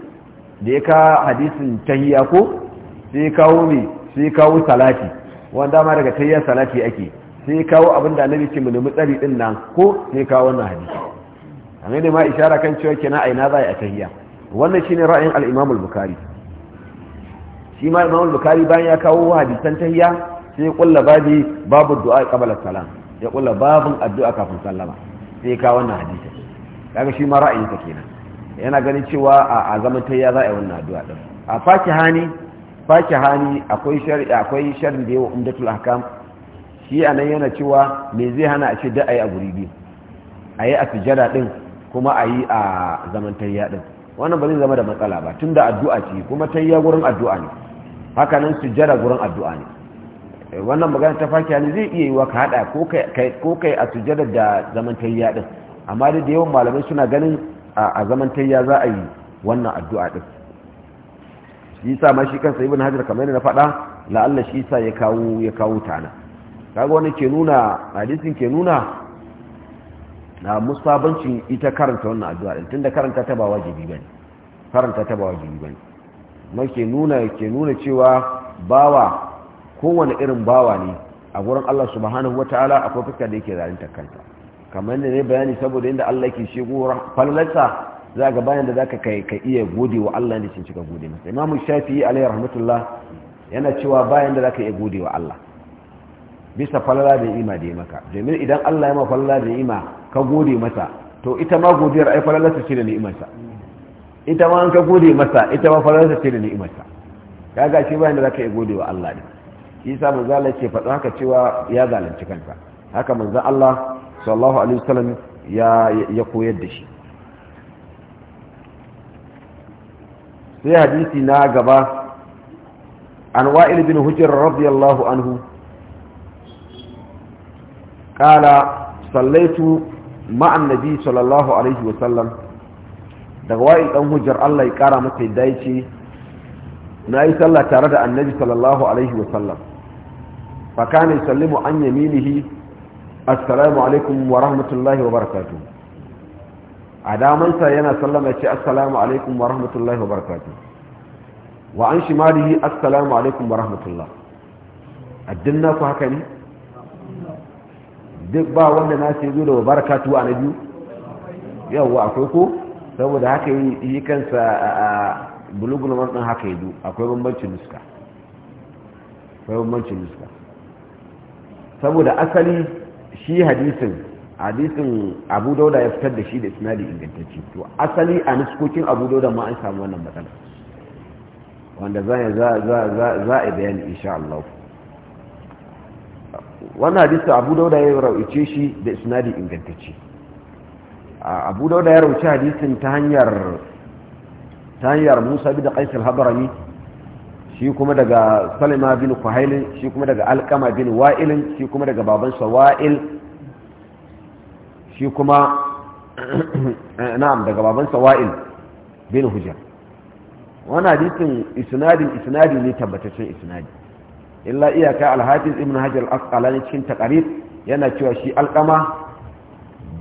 Speaker 1: da ya ka hadisin tahiya ko sai ya kawo mai sai ya kawo salati wanda ma daga tahiya salati ake sai ya kawo abin da annabi ce mulmi tsari din nan ko sai ya kawo wannan hadisi amma da ma ishara kan cewa kenan aina za a tahiya wannan shine ra'ayin al-Imam al-Bukhari shi ma imam bukari bayan ya kawo hadisan tahiyya sai ya kulla babi babu du'a qabla salam ya kulla babun addu'a kafin sallama sai ya kawo wannan hadisi kaga shi ma ra'ayin sa kenan yana ganin cewa a zaman tahiyya za a yi wannan addu'a din a fakihani ne ne akwai shar'i akwai sharri da yawa umdatul ahkam shi anan yana cewa me zai hana a ce da ayi a guri biyu ayi a sujada din kuma ayi a zaman tahiyya din wannan ba zai zama da matsala ba tunda addu'a ce kuma tayya gurin addu'a ne haka nan sujjada gurin addu'a ne eh, wannan magana ta fakiya ne zai iya yi wa ka hada ko kai a sujjada da zamantayya din amma da yawan malamai suna ganin a zamantayya za a yi wannan addu'a din shi sa ma shi kansa ibn hajar kamar yadda na faɗa la'alla shi sa ya kawo ya kawo tana kaga wani ke nuna hadisin ke nuna na musabancin ita karanta wannan addu'a din tunda karanta ta ba wajibi bane karanta ta ba wajibi bane make nuna ke nuna cewa bawa kowane irin bawa ne a gurin Allah subhanahu wa ta'ala akwai fuska da yake zalunta kanta kamar ne bayani saboda inda Allah yake shigo gurin za ga bayan da zaka kai ka iya gode wa Allah ne cika gode masa Imam Shafi'i alayhi rahmatullah yana cewa bayan da zaka iya gode wa Allah bisa falala da ima da maka domin idan Allah ya ma falala da ima ka gode masa to ita ma godiyar ai falalarsa ce da ni'imarsa ita ma an ka gode masa ita ma faransa ce da ni'imarsa kaga shi bayan da zaka yi gode wa Allah ne shi yasa manzo Allah ce faɗa haka cewa ya zalunci kanka haka manzo Allah sallallahu alaihi wasallam ya ya koyar da shi sai hadisi na gaba an wa'il bin hujjar radiyallahu anhu قال صليت مع النبي صلى الله عليه وسلم daga wa'il dan hujjar Allah ya kara masa yadda ya dace na yi sallah tare da annabi sallallahu alaihi wa sallam fa kana yusallimu an yaminihi assalamu alaikum wa rahmatullahi wa barakatuh a damansa yana sallama ce assalamu alaikum wa rahmatullahi wa barakatuh wa an shimalihi assalamu alaikum wa rahmatullah addin naku haka ne duk ba wanda na ce zo da wa barakatu a na biyu yawwa akwai ko saboda haka yi kansa a bulugul ɗin haka yi akwai bambancin nuska akwai bambancin nuska saboda asali shi hadisin hadisin abu dauda ya fitar da shi da isnadi ingantacci, to asali a nuskokin abu dauda ma an samu wannan matsala wanda za a yi bayani insha Allah wannan hadisin abu dauda ya rauce shi da isnadi ingantacci. abu dauda ya rauci hadisin ta hanyar musa bi da ƙaisar habarami shi kuma daga salima bin kuhailin shi kuma daga alkama bin wa'ilin shi kuma daga babansa wa'il shi kuma na'am daga babansa wa'il bin hujjar wani hadisin isnadin isnadi ne tabbataccen isnadi illa iyaka alhafiz ibn hajar al-asqalani cikin taqarib yana cewa shi alkama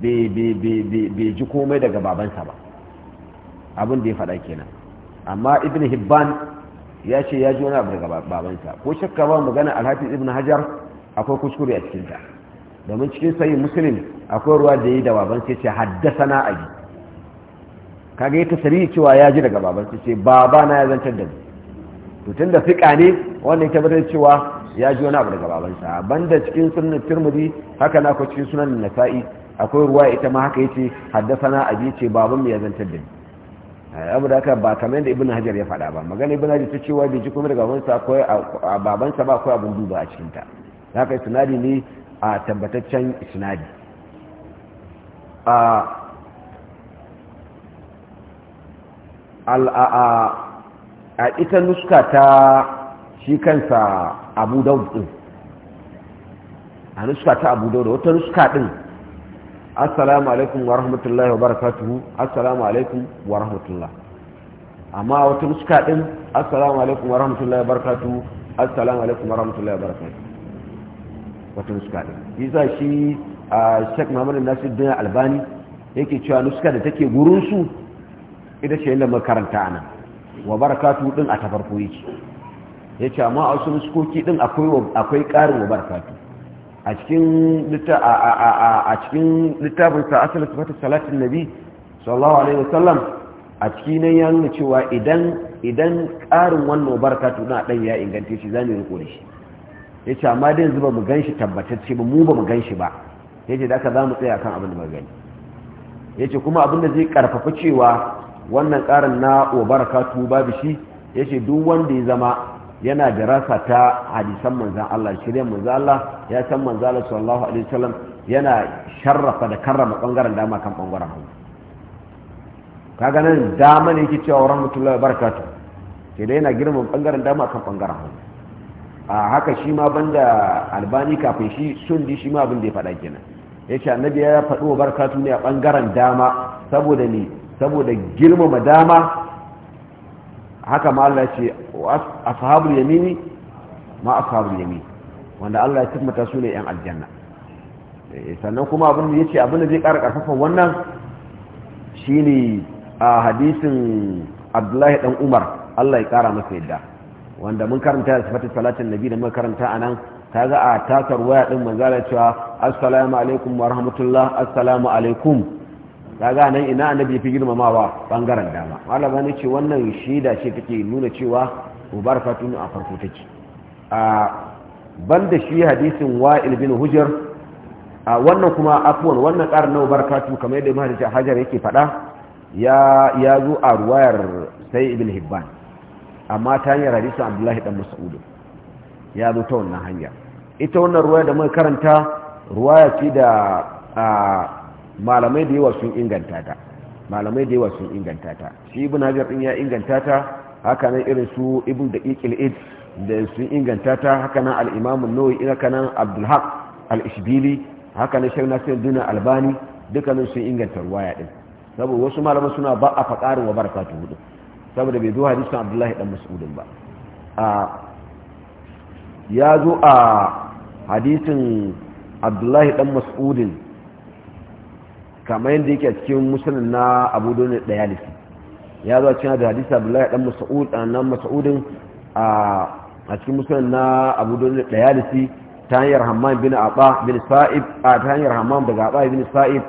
Speaker 1: bai ji komai daga babansa ba abin da ya faɗa kenan amma ibn hibban ya ce ya ji wani abu daga babansa ko shakka ba magana alhafi ibn hajar akwai kuskure a cikinta domin cikin sayi musulun akwai ruwa da yi da babansa ya ce haddasa na abi kaga ta tasiri cewa ya ji daga babansa ce baba na ya zantar da mu to tun da fiƙa ne wanda ya tabbatar cewa ya ji wani abu daga babansa banda cikin sunan turmudi haka na ko cikin sunan nasa'i akwai ruwa ita ma haka yace haddathana abi ce baban mu ya zantar da ni eh, abu da haka ba kamar da ibnu hajar ya faɗa ba magana ibnu hajar ta cewa bai ji kuma daga babansa akwai sa ba akwai abun duba a cikin ta haka isnadi ne a tabbataccen isnadi a a ita nuska ta shi kansa abu daud din a nuska ta abu daud wata nuska din assalamu alaikum wa rahmatullahi wa barakatuhu assalamu alaikum wa rahmatullah amma wata muska din assalamu alaikum wa rahmatullahi wa barakatuhu assalamu alaikum wa rahmatullahi wa barakatuhu wata muska din yasa shi a Sheikh nasir dina Albani yake cewa nuska da take gurin su ita ce yadda makaranta ana wa barakatuhu din a tafarko yake yace amma a wasu muskoki din akwai akwai karin wa barakatuhu a cikin littafin sa asalin sifatu salatin nabi sallallahu alaihi wasallam a ciki nan cewa idan idan ƙarin wannan barakatu na dan ya inganta shi mu yi rukuni shi yace amma dai yanzu ba mu ganshi tabbatacce ba mu ba mu ganshi ba yace da aka zamu tsaya kan abin da magani gani yace kuma abin da zai karfafa cewa wannan karin na wa barakatu babu shi yace duk wanda ya zama yana da rasa ta hadisan manzan Allah shirin manzan Allah ya san manzan Allah sallallahu alaihi wasallam yana sharrafa da karrama bangaren dama kan bangaren hagu kaga nan dama ne yake cewa rahmatullahi barakatu ke da yana girma bangaren dama kan bangaren hagu a haka shi ma banda albani kafin shi sun di shi ma abin da ya faɗa kenan ya ce annabi ya faɗo barakatu ne a bangaren dama saboda ne saboda girmama dama haka ma Allah ce ashabul yamini ma ashabul yamini wanda Allah ya tabbata su ne yan aljanna eh, sannan kuma abin da yace abin da zai ƙara ƙarfafa wannan shine a hadisin Abdullahi dan Umar Allah ya ƙara masa yadda wanda mun karanta da sifatin salatin nabi da mun karanta anan kaga a takar waya din manzala cewa assalamu alaikum wa rahmatullah assalamu alaikum kaga nan ina annabi ya fi girmamawa bangaren dama malama ne ce wannan shaida ce take nuna cewa ubar fatunu a farko take a banda shi hadisin wa'il bin hujr a wannan kuma afwan wannan karin na ubar fatu kamar yadda mahaji hajar yake faɗa ya ya zo a ruwayar sai ibn hibban amma ta hanyar hadisin abdullahi dan mas'ud ya zo ta wannan hanya ita wannan ruwaya da muka karanta ruwaya ce da malamai da yawa sun inganta ta malamai da yawa sun inganta ta shi ibn hajar din ya inganta ta haka nan irin su ibn da al-id da sun inganta ta haka nan al-imam an-nawawi haka nan abdul haq al-ishbili haka nan shaykh nasiruddin albani dukkanin sun inganta ruwaya din saboda wasu malaman suna ba a fakarin wa barakatu hudu saboda bai zo hadisin abdullahi dan mas'udin ba ya zo a hadisin abdullahi dan mas'udin kamar yadda yake a cikin musulun na abu dole ɗaya lissi ya zo cikin da hadisa abdullahi dan mas'ud nan mas'udin a cikin musulun na abu dole daya lissi ta hanyar hammam bin aba bin sa'ib a ta hanyar hammam daga aba bin sa'ib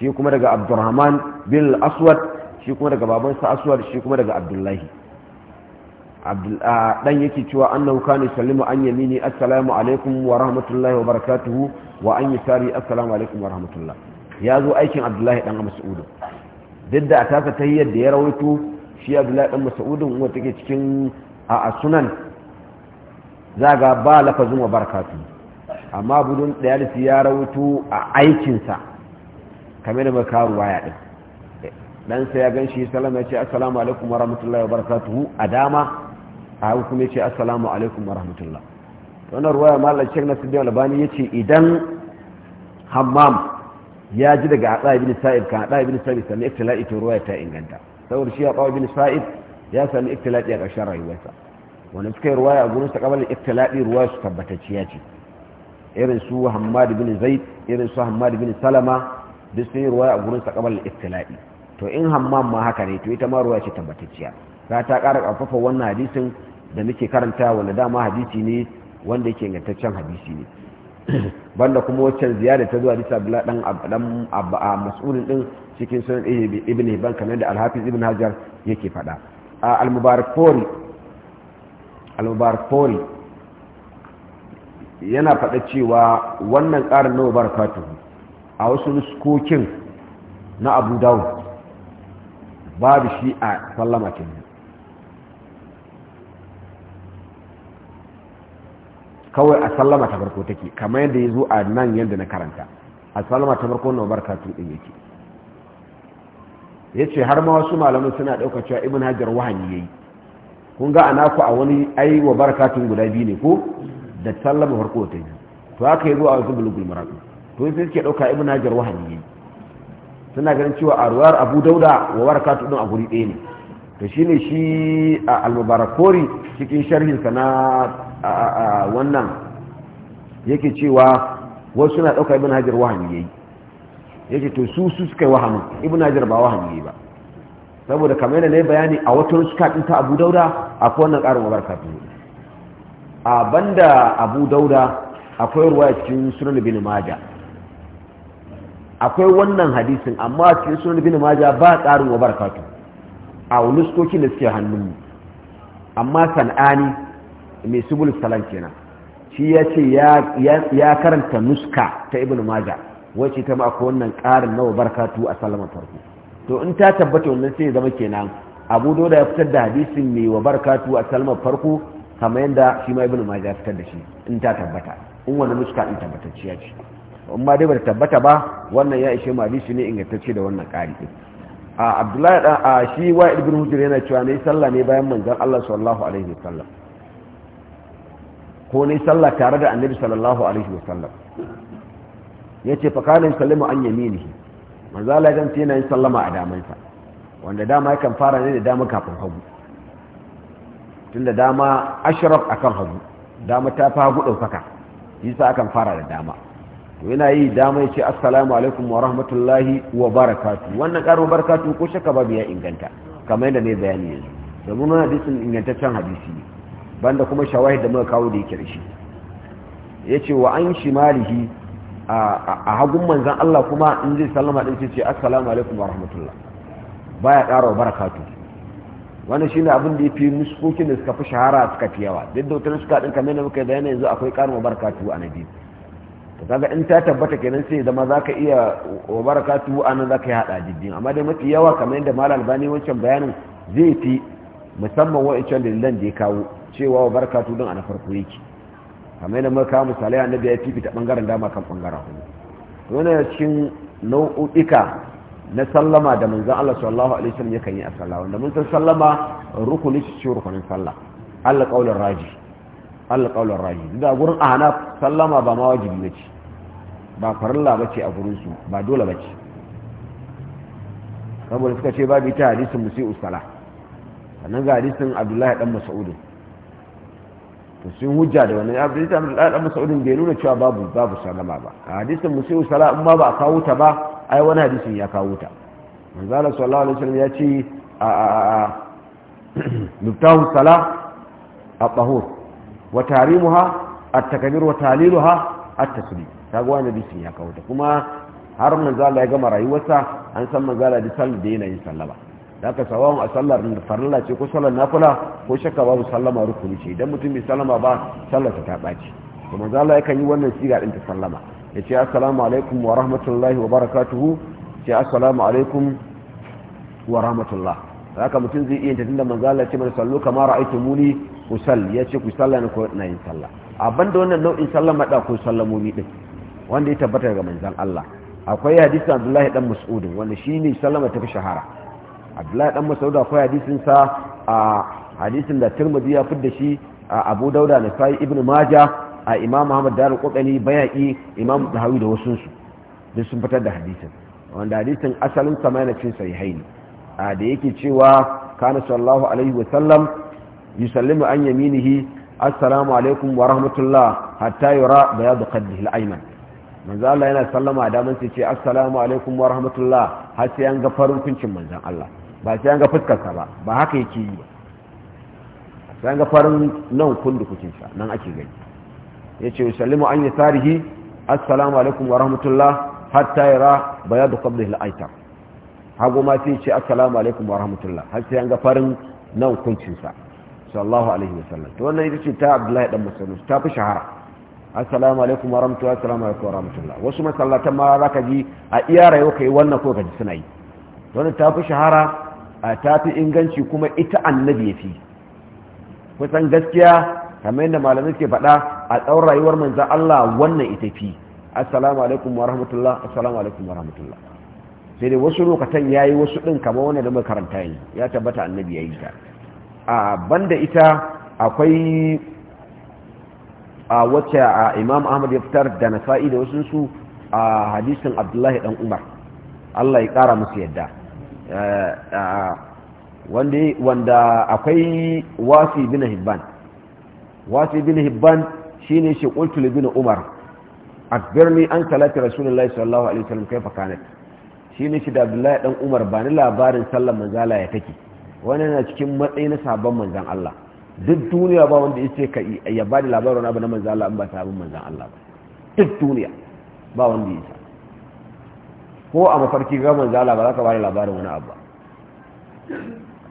Speaker 1: shi kuma daga abdurrahman bin aswad shi kuma daga babansa aswad shi kuma daga abdullahi dan yake cewa annahu kana yusallimu an yamini assalamu alaikum wa rahmatullahi wa barakatuhu wa an yasari assalamu alaikum wa rahmatullahi. ya zo aikin abdullahi dan mas'udin duk da a tasa ta yadda ya rawaito shi abdullahi dan mas'udin wanda take cikin a sunan za ga ba lafazin wa barakatu amma budun dayalisi ya rawaito a aikinsa kame da makaruwa waya din ɗansa ya gan shi salama ya ce assalamu alaikum wa rahmatullahi wa barakatuhu a dama a hukum ya ce assalamu alaikum wa rahmatullah wannan ruwaya malar shek na sidiyar albani ya ce idan hammam ya ji daga a haɗa ibn sa'id kan a haɗa ibn sa'id sami iktila'i ta ruwaya ta inganta saboda shi haɗa ibn sa'id ya sami iktila'i a ƙarshen rayuwarsa wani suka yi ruwaya a gurin sa kabalin iktila'i ruwaya su tabbatacciya ce irin su hammad bin zaid irin su hammad bin salama duk sun yi ruwaya a gurin sa kabalin iktila'i to in hammam ma haka ne to ita ma ruwaya ce tabbatacciya za ta ƙara ƙarfafa wannan hadisin da muke karanta wanda dama hadisi ne wanda yake ingantaccen hadisi ne banda kuma waccan ziyara ta zuwa bisa bila dan dan abba mas'ulin din cikin sunan ibn ibn kamar da al-hafiz ibn hajar yake fada al-mubarakfuri al-mubarakfuri yana fada cewa wannan karin na mubarakatu a wasu nuskokin na abu dawud babu shi a sallama kenan kawai a sallama ta farko take kamar yadda ya zo a nan yadda na karanta a sallama ta farko na barakatu din yake ya ce har ma wasu malamin suna ɗauka cewa ibn hajar ya yi kun ga ku a wani ai wa barakatun guda biyu ne ko da sallama farko ta yi to haka ya zo a wasu bulugul maratu to sai suke ɗauka ibn hajar ya yi suna ganin cewa a ruwar abu dauda wa barakatu ɗin a guri ɗaya ne to shi ne shi a albubarakori cikin sharhinsa na wannan yake cewa wasu suna ɗauka ibn hajar ya yi yake to su su suka yi wahani ibn hajar ba ya yi ba saboda kamar yana na bayani a wata wasu kaɗin ta abu dauda akwai wannan ƙarin mubaraka ta hudu a banda abu dauda akwai ruwa cikin sunan bin maja akwai wannan hadisin amma cikin sunan bin maja ba ƙarin mubaraka ta a wulustokin da suke hannunmu amma san'ani mai subul salam kenan shi ya ce ya karanta nuska ta ibn maja wacce ta ma ko wannan ƙarin nawa barkatu a salama farko to in ta tabbata wannan sai zama kenan abu doda ya fitar da hadisin mai wa barkatu a salama farko kamar yadda shi ma ibn maja ya fitar da shi in ta tabbata in wani nuska in tabbatacciya ce amma dai ba tabbata ba wannan ya ishe mu hadisi ne ingantacce da wannan ƙari a abdullahi da a shi wa ibn hujr yana cewa ne sallah ne bayan manzon Allah sallallahu alaihi wasallam ko ne sallah tare da annabi sallallahu alaihi wasallam yace fa kana sallama an yaminihi manzo Allah dan ce yana yin sallama a damansa wanda dama yakan fara ne da dama kafin hagu tunda dama ashraf akan hagu dama ta fa hagu daukaka yasa akan fara da dama to yana yi dama ya ce assalamu alaikum wa rahmatullahi wa barakatu wannan karo barakatu ko shaka ba ya inganta kamar yadda mai bayani yanzu domin wani hadisin ingantaccen hadisi ne banda kuma shawahi da muka kawo da yake da shi ya ce wa an malihi a hagun manzan Allah kuma in zai sallama ɗin ce assalamu alaikum wa rahmatullah ya ƙara wa barakatu wannan shine abin da ya fi muskokin da suka fi shahara suka fi yawa duk da wata suka ɗin kamar yadda muka bayani yanzu akwai ƙarin wa barakatu a nabi kaga in ta tabbata kenan sai zama za ka iya wa nan anan ka yi hada jirgin amma dai mafi yawa kamar yadda mal albani wancan bayanin zai fi musamman wa'ancan dalilan da ya kawo cewa wa don a ana farko yake kamar yadda muka kawo misalai annabi ya fifita ɓangaren dama kan ɓangaren hudu wani cikin nau'uka na sallama da manzon Allah sallallahu alaihi wasallam yakan yi a sallah wanda mun san sallama rukuni shi rukunin sallah Allah qaulur raji Allah qaulur raji da gurin ahnaf sallama ba ma wajibi ne ce ba farilla ba ce a gurinsu ba dole ba ce saboda suka ce babu ita hadisin musu usala sannan ga hadisin abdullahi dan mas'udin to sun hujja da wannan abdullahi abdullahi dan mas'udin bai nuna cewa babu babu sallama ba a hadisin musu usala in ma ba a kawo ta ba ai wani hadisin ya kawo ta Allah sallallahu alaihi wasallam ya ce a a a mubtahu sala a tahur wa tarimuha at takbir wa taliluha at tasbih kaga wani bisin ya kawo ta kuma har manzala ya gama rayuwarsa an san manzala da sallar da yana yin sallama da aka sawawan a sallar farilla ce ko sallar nafila ko shakka babu sallama rukuni ce idan mutum bai sallama ba sallarsa ta ɓaci to manzala kan yi wannan siga ɗin ta sallama ya ce assalamu alaikum wa rahmatullahi wa barakatuhu ce assalamu alaikum wa rahmatullah haka mutum zai iya tafi da manzala ce mana sallu kamar ra'aitu muni usal ya ce ku salla ne ko na yin sallah abanda wannan nau'in sallama da ko sallamomi din wanda ya tabbata daga manzan Allah akwai hadisin Abdullahi dan Mas'ud wanda shine sallama fi shahara Abdullahi dan Mas'ud akwai hadisin sa a hadisin da Tirmidhi ya fidda shi a Abu Dauda da Sai Ibn Majah a Imam Muhammad Darul Qutni Bayaki Imam Dahawi da wasu su duk sun fitar da hadisin wanda hadisin asalin sa mai cin sahihaini a da yake cewa kana sallallahu alaihi wa sallam yusallimu an yaminihi assalamu alaikum wa rahmatullah hatta yura bayadu qaddihi al-ayman manzo Allah yana sallama a daman sai ce assalamu alaikum wa rahmatullah har sai an ga farin kuncin manzon Allah ba sai an ga fuskarsa ba ba haka yake yi ba sai an ga farin nan kundu kucin sa nan ake gani yace sallimu an yasarihi assalamu alaikum wa rahmatullah hatta yara bayadu qablihi al-aitar hago ma sai ce assalamu alaikum wa rahmatullah har sai an ga farin nan kuncin sa sallallahu alaihi wasallam to wannan ita ce ta Abdullahi dan Musulmi ta fi shahara assalamu alaikum wa rahmatullahi assalamu alaikum wa rahmatullahi wasu masallatan ma za ka ji a iya rayuwa kai wannan ko ka ji suna yi wannan ta fi shahara ta fi inganci kuma ita annabi ya fi kusan gaskiya kamar yadda malamai ke faɗa a tsawon rayuwar manzan Allah wannan ita fi assalamu alaikum wa rahmatullah assalamu alaikum wa rahmatullah sai dai wasu lokatan ya yi wasu ɗin kama wani da makaranta yi ya tabbata annabi ya yi ta a banda ita akwai a wacce imam ahmad ya fitar da nasa'i da wasu su a hadisin abdullahi dan umar allah ya kara musu yadda eh, wanda akwai wasi bin hibban wasi bin hibban shine shi qultu bin umar akbirni an salati rasulullahi sallallahu alaihi wasallam kaifa kanat shine shi da abdullahi dan umar ba ni labarin sallan manzala ya take wannan na cikin matsayin sabon manzan allah duk duniya ba wanda ya ce ka ya ba da labarin wani abu na manzan Allah in ba sahabin manzan Allah ba duk duniya ba wanda ya sa ko a mafarki ga manzan Allah ba za ka ba da labarin wani abu ba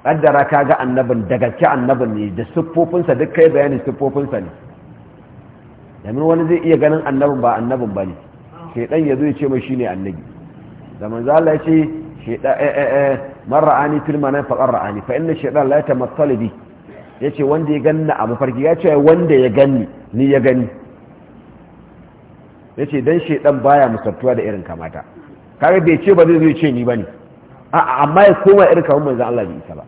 Speaker 1: ƙaddara ka ga annabin daga ci annabin ne da siffofinsa duk kai bayanin siffofinsa ne domin wani zai iya ganin annabin ba annabin ba ne shaidan ya zo ya ce mai shine annabi da manzo Allah ya ce shaidan eh eh eh ani ra'ani fil manan faqad ra'ani fa inna shaidan la yatamassal bi ya ce wanda ya na a mafarki ya ce wanda ya ganni ni ya gani ya ce don shaidan baya musabtuwa da irin kamata kare bai ce ba zai zai ce ni ba ne amma ya koma irin kamar manzan Allah bai isa ba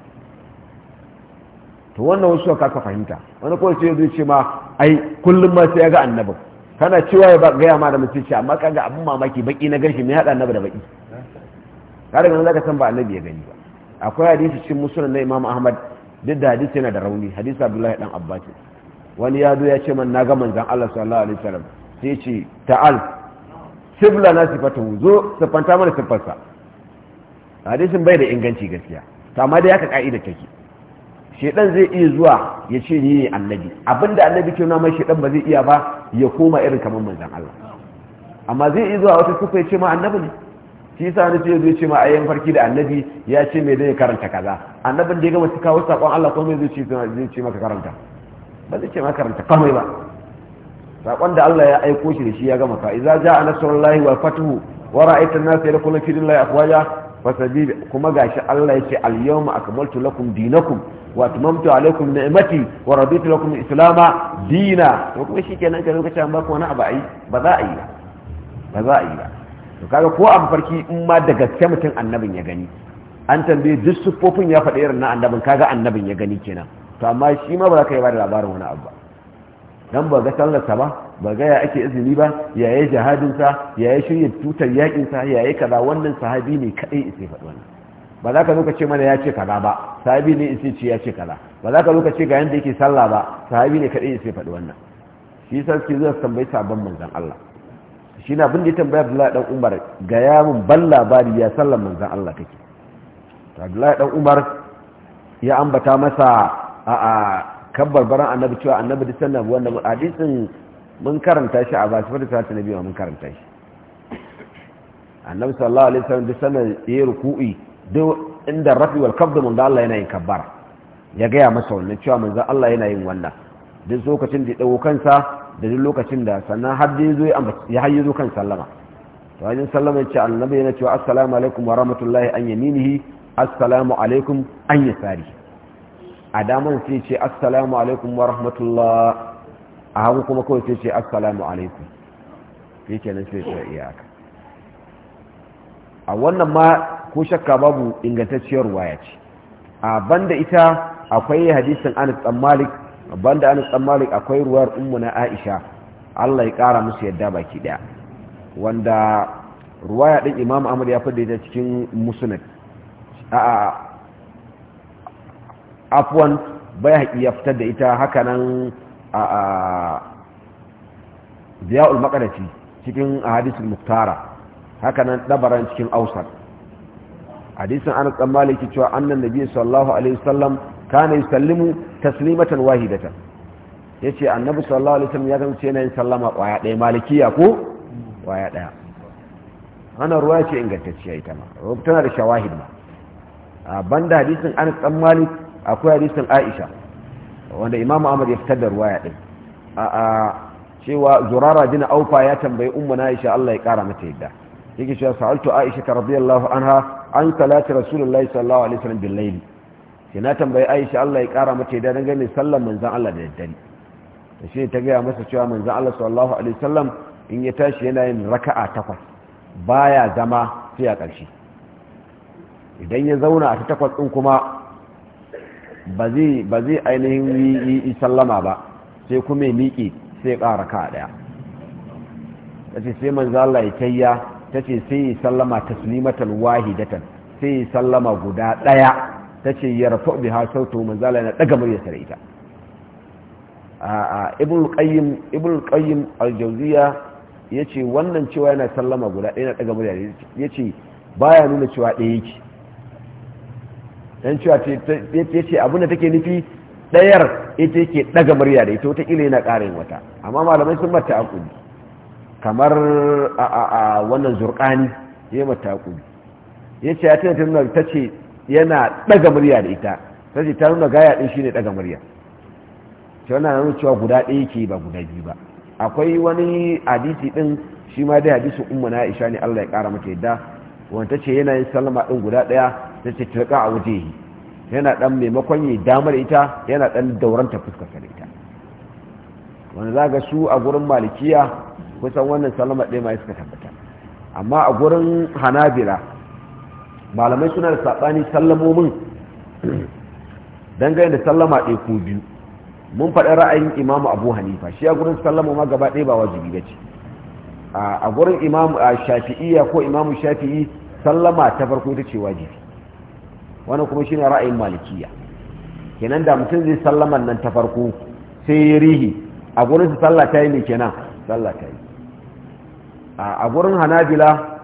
Speaker 1: to wannan wasu ka ka fahimta wani kawai sai zai ce ma ai kullum ma sai ya ga annabin kana cewa ya gaya ma da mutum ce amma kaga abin mamaki baki na gashi mai haɗa annabi da baki kare ganin zaka san ba annabi ya gani ba akwai hadisi cikin musulun na imam ahmad duk da hadisi yana da rauni hadisi abdullahi dan abbas wani ya zo ya ce man naga manzon Allah sallallahu alaihi wasallam sai ce ta'al sibla na sifatu zo sifanta mana sifarsa hadisin bai da inganci gaskiya to amma dai haka ka'ida take shedan zai iya zuwa ya ce ni ne annabi abinda annabi ke nuna mai shedan ba zai iya ba ya koma irin kamar manzon Allah amma zai iya zuwa wata kuka ya ce ma annabi ne shi yasa wani sai zai ce ma ayyan farki da annabi ya ce me zai karanta kaza annabin da ya gama kawo sakon Allah ko me zai ce maka karanta ba zai ce maka karanta kamai ba sakon da Allah ya aiko shi da shi ya gama ka idza jaa nasrullahi wal fathu wa ra'aita an-nasa yadkhuluna fi dinillahi afwaja fasabi kuma gashi Allah yake al-yawma akmaltu lakum dinakum wa atmamtu alaykum ni'mati wa raditu lakum islama dina to kuma shikenan ka ce an ba ku wani abu ai ba za a yi ba ba za a yi ba to kaga ko a mafarki in ma da gaske mutum annabin ya gani an tambaye duk siffofin ya faɗi irin na annabin kaga annabin ya gani kenan to amma shi ma ba za ka yi ba da labarin wani abu ba dan ba ga sallarsa ba ba ga ya ake izini ba ya yi jihadinsa ya yi shirya tutar yaƙinsa, ya yi kaza wannan sahabi ne kaɗai ya faɗi wannan ba za ka zo ka ce mana ya ce kaza ba sahabi ne isa ce ya ce kaza ba za ka zo ka ce ga yanda yake sallah ba sahabi ne kaɗai ya faɗi wannan shi sa suke zuwa tambayi sabon manzon Allah shi na abin da ya tambaya abdullahi dan umar ga yamin ban labari ya sallan manzan allah kake abdullahi dan umar ya ambata masa a a kabbarbaran annabi cewa annabi duk sannan wanda hadisin mun karanta shi a basu fata sati na biyu mun karanta shi annabi sallallahu alaihi wasallam duk sannan ya ruku'i duk inda rafi wal kabdu mun da allah yana yin kabbar ya gaya masa wannan cewa manzan allah yana yin wannan duk lokacin da ya dawo kansa da duk lokacin da sannan har da zo ya hayyi zo kan sallama to hajjin sallama ya ce annabi yana cewa assalamu alaikum wa rahmatullahi an yaminihi assalamu alaikum an yasari a daman sai ce assalamu alaikum wa rahmatullah a hagu kuma kawai sai ce assalamu alaikum sai nan sai ce iyaka a wannan ma ko shakka babu ingantacciyar waya ce a banda ita akwai hadisin anas dan malik Banda da anas malik akwai ruwar ummu na aisha Allah ya kara musu yadda baki daya wanda ruwaya din imam ahmad ya fi ta cikin musnad a afwan haƙi ya fitar da ita haka nan a ziya'ul cikin ahadisul muktara haka nan dabaran cikin ausar hadisin anas malik cewa annan nabi sallallahu alaihi wasallam kana yusallimu taslimatan wahidatan yace annabi sallallahu alaihi wasallam ya gamce yana yin sallama kwaya ɗaya malikiya ko kwaya ɗaya ana ruwa ce ingantacciya ita ma tana da shawahid ma a banda hadisin Anas dan Malik akwai hadisin Aisha wanda Imam Ahmad ya fitar da ruwaya din a cewa Zurara bin Aufa ya tambayi ummu Aisha Allah ya kara mata yadda yake cewa sa'altu Aisha radiyallahu anha an salati Rasulullahi sallallahu alaihi wasallam bil layli ce na tambayi aisha Allah ya kara mace da dangane sallan manzan Allah da daddare da shi ta gaya masa cewa manzan Allah sallallahu alaihi wasallam in ya tashi yana yin raka'a takwas baya zama sai a ƙarshe idan ya zauna a ta takwas ɗin kuma ba zai ainihin yi sallama ba sai kuma ya miƙe sai ya ƙara raka'a ɗaya ta ce sai manzan Allah ya tayya ta ce sai ya sallama taslimatan wahidatan sai ya sallama guda ɗaya Ta ce rafa yarfa ha sautu manzo zala yana daga murya sare ita a ibn qayyim ibn qayyim al-jawziya wannan cewa yana sallama guda ɗaya na daga murya Ya ce ba ya nuna cewa ɗaya yake ɗan cewa ce abin da take nufi
Speaker 2: ɗayar
Speaker 1: ita yake daga murya da ita wataƙila kila yana ƙarin wata amma malamai sun mata akuli kamar a wannan zurƙani ya mata Ya ce ya ta nuna ce. yana ɗaga murya da ita sai ta nuna gaya din shine daga murya to wannan nuna cewa guda ɗaya ke ba guda biyu ba akwai wani hadisi ɗin, shi ma dai hadisin ummu na Aisha ne Allah ya kara mata yadda wanda ce yana yin sallama din guda ɗaya ta ce tilka a wajehi yana dan maimakon yi damar ita yana dan dauranta fuskar sa da ita wanda za ga su a gurin malikiya kusan wannan sallama ɗaya ma suka tabbata amma a gurin hanabila malamai suna da saɓani sallamomin dangane da sallama ɗaya ko biyu mun faɗi ra'ayin imamu abu hanifa shi a gurin sallama ma gaba ɗaya ba wajibi ba ce a gurin imamu shafi'iyya ko imamu shafi'i sallama ta farko ita ce wajibi wannan kuma shine ra'ayin malikiya kenan da mutum zai sallama nan ta farko sai ya rihi a gurin su sallah ta yi ne kenan sallah ta yi a gurin hanabila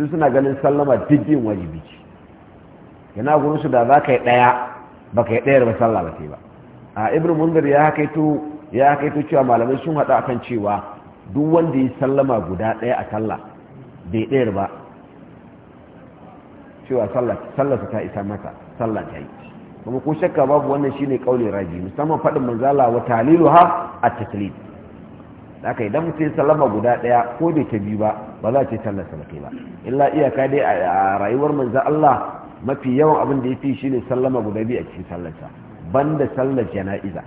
Speaker 1: sun suna ganin sallama duk yin wajibi ce yana gurin su da za ka yi ɗaya ba ka yi ɗayar ba sallah ba sai ba a ibn mundir ya hakaito ya to cewa malamai sun haɗa akan cewa duk wanda ya sallama guda ɗaya a sallah bai ɗayar ba cewa sallarsa ta isa mata sallah ta yi kuma ko shakka babu wannan shine kauli raji musamman faɗin manzala wa taliluha at-taklid da kai idan mutum ya sallama guda ɗaya ko da ta biyu ba ba za a ce sallar sa kai ba illa iyaka dai a rayuwar manzon Allah mafi yawan abin da ya fi shi ne sallama guda biyu a cikin sallar sa banda sallar jana'iza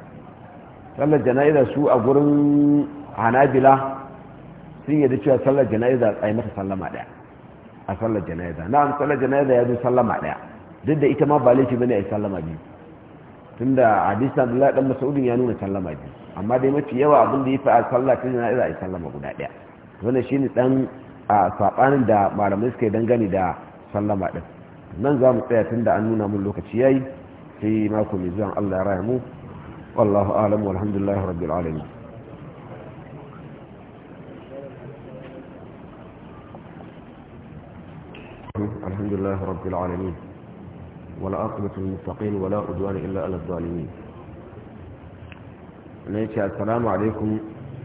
Speaker 1: sallar jana'iza su a gurin hanabila sun yadda cewa sallar jana'iza a yi mata sallama ɗaya a sallar jana'iza na'am sallar jana'iza ya zo sallama ɗaya duk da ita ma ba laifi bane a yi sallama biyu tunda hadisin Abdullahi dan Mas'udin ya nuna sallama biyu amma dai mafi yawa abin da ya fi a sallar ta jana'iza a yi sallama guda daya wannan shine dan a saɓanin da malamai suka yi dangane da sallama ɗin nan za mu tsaya tun da an nuna mun lokaci yayi sai mako mai zuwan allah ya raya mu wallahu alamu alhamdulillah rabbil alamin الحمد لله رب العالمين ولا عقبة wala ولا illa إلا على Ne نيتي السلام عليكم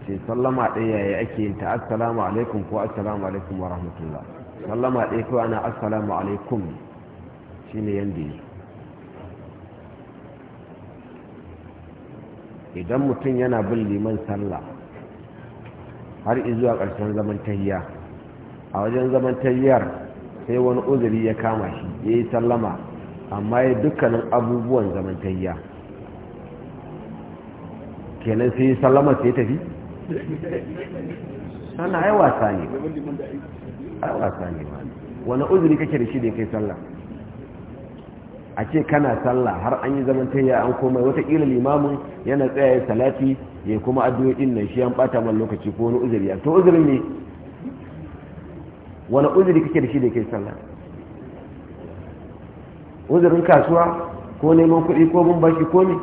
Speaker 1: ce sallama ɗaya yayi ake yin ta assalamu alaikum ko assalamu alaikum wa rahmatullah sallama ɗaya kawai ana assalamu alaikum shine yanda yi idan mutum yana bin liman sallah har izuwa ƙarshen zaman tahiya a wajen zaman tahiyar sai wani uzuri ya kama shi ya yi sallama amma ya dukkanin abubuwan zaman tahiya kenan sai sallama sai tafi sallah ai wasa ne ai wasa ne wani uzuri kake da shi da kai sallah a ce kana sallah har an yi zaman an komai watakila limamin yana tsayaye ya salati ya kuma addu'o'in nan shi an bata man lokaci ko wani uzuri to uzuri ne wani uzuri kake da shi da kai sallah uzurin kasuwa ko neman kuɗi ko bin bashi ko ne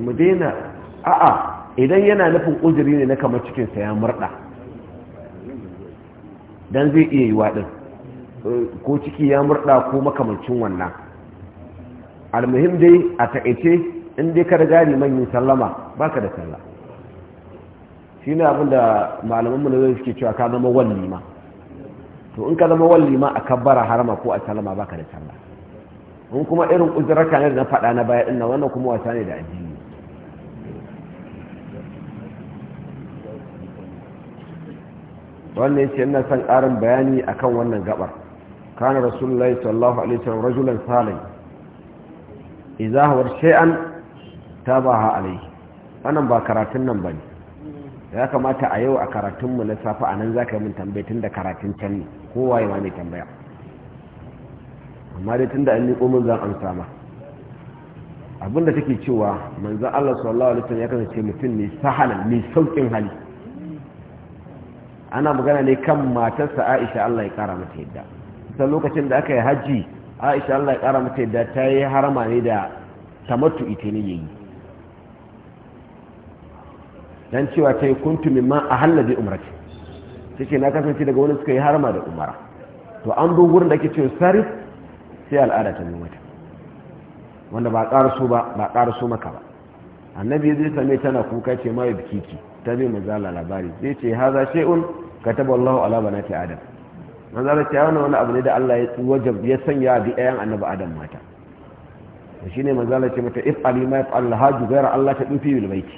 Speaker 1: mu daina a'a idan yana nufin uzuri ne na kamar cikinsa ya murda don zai iya yi waɗin ko ciki ya murda ko makamancin wannan almuhim dai a taƙaice in dai ka riga manyan sallama ba ka da talla shi ne abinda malamanmu na zai suke cewa ka zama walli ma to in ka zama walli ma a kabbara harama ko a salama ka da talla in kuma irin uzurarka ne da na faɗa na baya ɗin wannan kuma wasa ne da addini wannan yace ina son ƙarin bayani akan wannan gabar kana rasulullahi sallallahu alaihi wasallam rajulan salih idza huwa shay'an tabaha alaihi wannan ba karatun nan bane ya kamata a yau a karatun mu na safa anan zaka yi min tambaye tunda karatun can ne kowa ya wani tambaya amma dai tunda an niko mun zan amsa ma abinda take cewa manzo Allah sallallahu alaihi wasallam ya kasance mutum ne sahalan mai saukin hali ana magana ne kan matarsa aisha allah ya kara mata yadda sai lokacin da aka yi hajji aisha allah ya kara mata yadda ta yi harama ne da tamattu ita ne yayi dan cewa ta yi kuntu mimma a bi umrati ta ce na kasance daga wani suka yi harama da umara to an zo wurin da ake cewa sarif sai al'ada ta mata wanda ba ƙaraso ba ba ƙaraso maka ba annabi zai same tana kuka ce mai bikiki ki ta bai manzala labari zai ce haza shay'un kataba Allah ala banati adam manzala ce wannan wani abu ne da Allah ya wajab ya sanya bi ayan annabi adam mata shine manzala ce mata if ali ma yaf'al haju ghayra Allah ta dufi bil baiti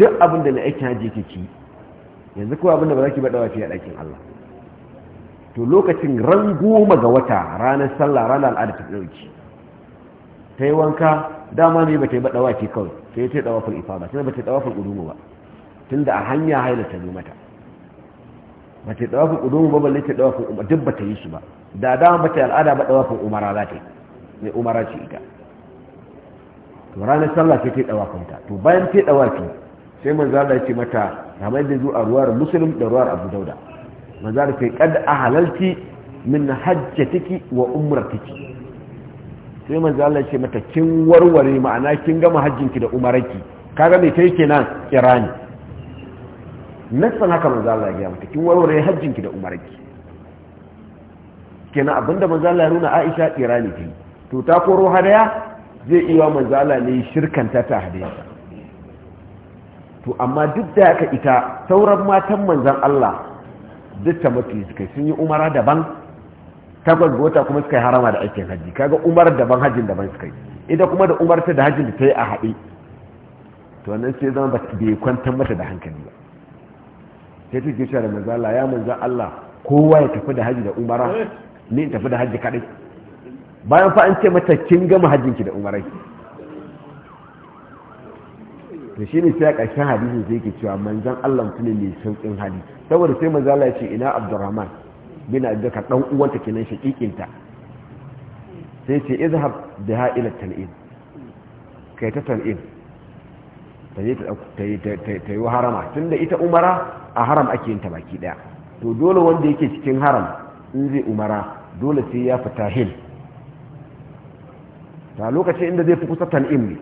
Speaker 1: duk abin da na aiki haji kike yanzu kawai abin da ba za ki bada wafi a ɗakin Allah to lokacin ran goma ga wata ranar sallah ranar al'ada ta ɗauki ta yi wanka dama ne ba ta yi baɗa ke kawai ta yi ta yi ɗawafin ifa ba ta yi ba ta yi ɗawafin ba tunda a hanya haila ta zo mata ba ta dawafin kudumu ba balle ta dawafin umara duk ba ta yi su ba da dama ba ta al'ada ba dawafin umara za ta yi mai umara ce ita to ranar sallah ce ta yi dawafin ta to bayan ta yi dawafi sai manzo Allah ya ce mata kamar da zuwa ruwar muslim da ruwar abu dauda manzo Allah sai kad ahalalti min hajjatiki wa umratiki sai manzo Allah ya ce mata kin warware ma'ana kin gama hajjinki da umaranki kaga mai kai kenan kirani nassan haka manzo Allah ya mata kin warware hajjin ki da umarki kenan abinda manzo Allah ya nuna Aisha kirani ki to ta koro hadaya zai iya manzo Allah ne shirkan ta hadaya to amma duk da haka ita sauran matan manzon Allah duk ta mutu suka sun yi umara daban ta ga kuma suka yi harama da aikin hajji kaga umar daban hajjin daban suka yi ita kuma da umarta da hajjin da ta yi a haɗe to wannan sai zama ba bai kwantar mata da hankali ba sai ta cewa da manzo Allah ya manzo Allah kowa ya tafi da haji da umara eh. ni in tafi da haji kadai bayan fa an ce mata kin gama hajjin ki da umarai to ne sai a ƙarshen hadisin sai yake cewa manzon Allah mutum ne mai saukin hali saboda sai manzo ya ce ina Abdurrahman bin Abdulkar dan uwanta kenan shaqiqin ta sai ce izhab biha ila ta je ta yi harama tun da ita umara a haram ake yin ta baki daya to dole wanda yake cikin haram in zai umara dole sai ya fita hil ta lokacin inda zai fi kusa tan'im ne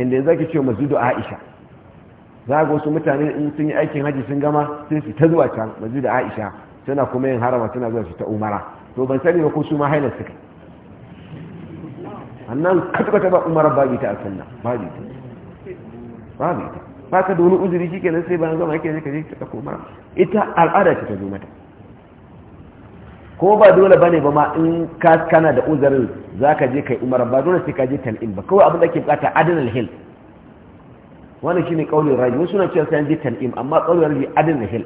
Speaker 1: inda yanzu ake ce masjidu aisha za ga wasu mutane in sun yi aikin haji sun gama sai su ta zuwa can masjidu aisha suna kuma yin harama suna zuwa su ta umara to ban sani ba ko su ma hailar suka annan katakata ba umara babi ta a sunna babi ta babu ita ba ka da wani uzuri shi kenan sai bayan zama yake ka je ka koma ita al'ada ce ta zo mata ko ba dole bane ba ma in ka kana da uzurin ka je kai umara ba dole sai ka je tal'in ba kawai abin da ake bukata adnal hil shi ne kaulin rayu wasu na cewa sai an je tal'in amma kaulin raji adnal hil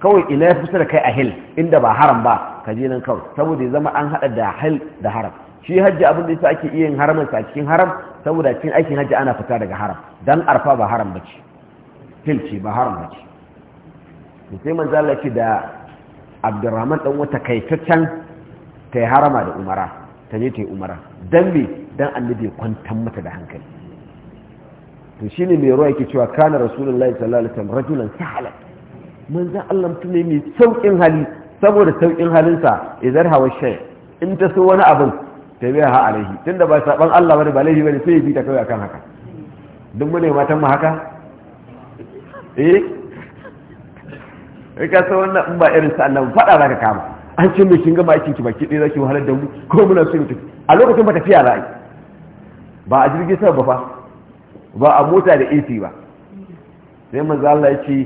Speaker 1: kawai ina kusa da kai a hil inda ba haram ba ka je nan kawai saboda ya zama an haɗa da hil da haram shi hajji abin da yasa ake iya yin haramansa a cikin haram saboda cin aikin hajji ana fita daga haram dan arfa ba haram bace fil filci ba haram bace to sai manzo Allah ce da Abdurrahman dan wata kai ta ta yi harama da umara ta je ta yi umara dan me dan annabi kwantan kwantar mata da hankali to shine mai ruwa yake cewa kana rasulullahi sallallahu alaihi wasallam rajulan sahala manzo Allah mutum ne mai saukin hali saboda saukin halinsa idan hawa shay in ta so wani abin tabiha alaihi tunda ba saban Allah bane ba laifi bane sai ya bi ta kai akan haka duk mu ne matan mu haka eh kai ka san wannan in ba irin sa fada zaka kama an ce mai kinga ba yake ki baki dai zaki wahalar da mu ko muna so ki a lokacin ba tafiya za'a ba a jirgin sama ba fa ba a mota da AC ba sai manzo Allah ya ce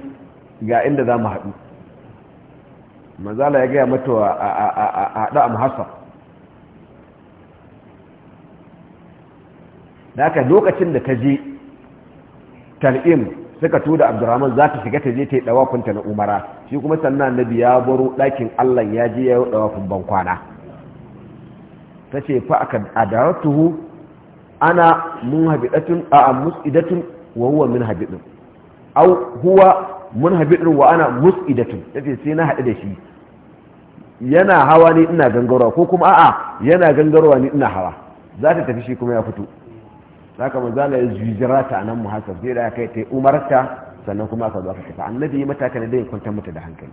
Speaker 1: ga inda za mu haɗu manzo Allah ya gaya mata a haɗu a muhassab da haka lokacin da ta je tal'im suka da abdurrahman za ta shiga ta je ta yi ɗawafinta na umara shi kuma sannan annabi ya baro ɗakin allah ya je ya yi ɗawafin bankwana ta ce fa aka adaratuhu ana mun habidatun a musidatun wa huwa min habidin au huwa mun habidin wa ana musidatun ta ce sai na haɗu da shi yana hawa ni ina gangarwa ko kuma a'a yana gangarwa ni ina hawa za ta tafi shi kuma ya fito haka manzala ya jujjira ta nan mu haka sai da kai ta umarta sannan kuma aka zo aka tafi annabi ya mata kana dai kwantar mata da hankali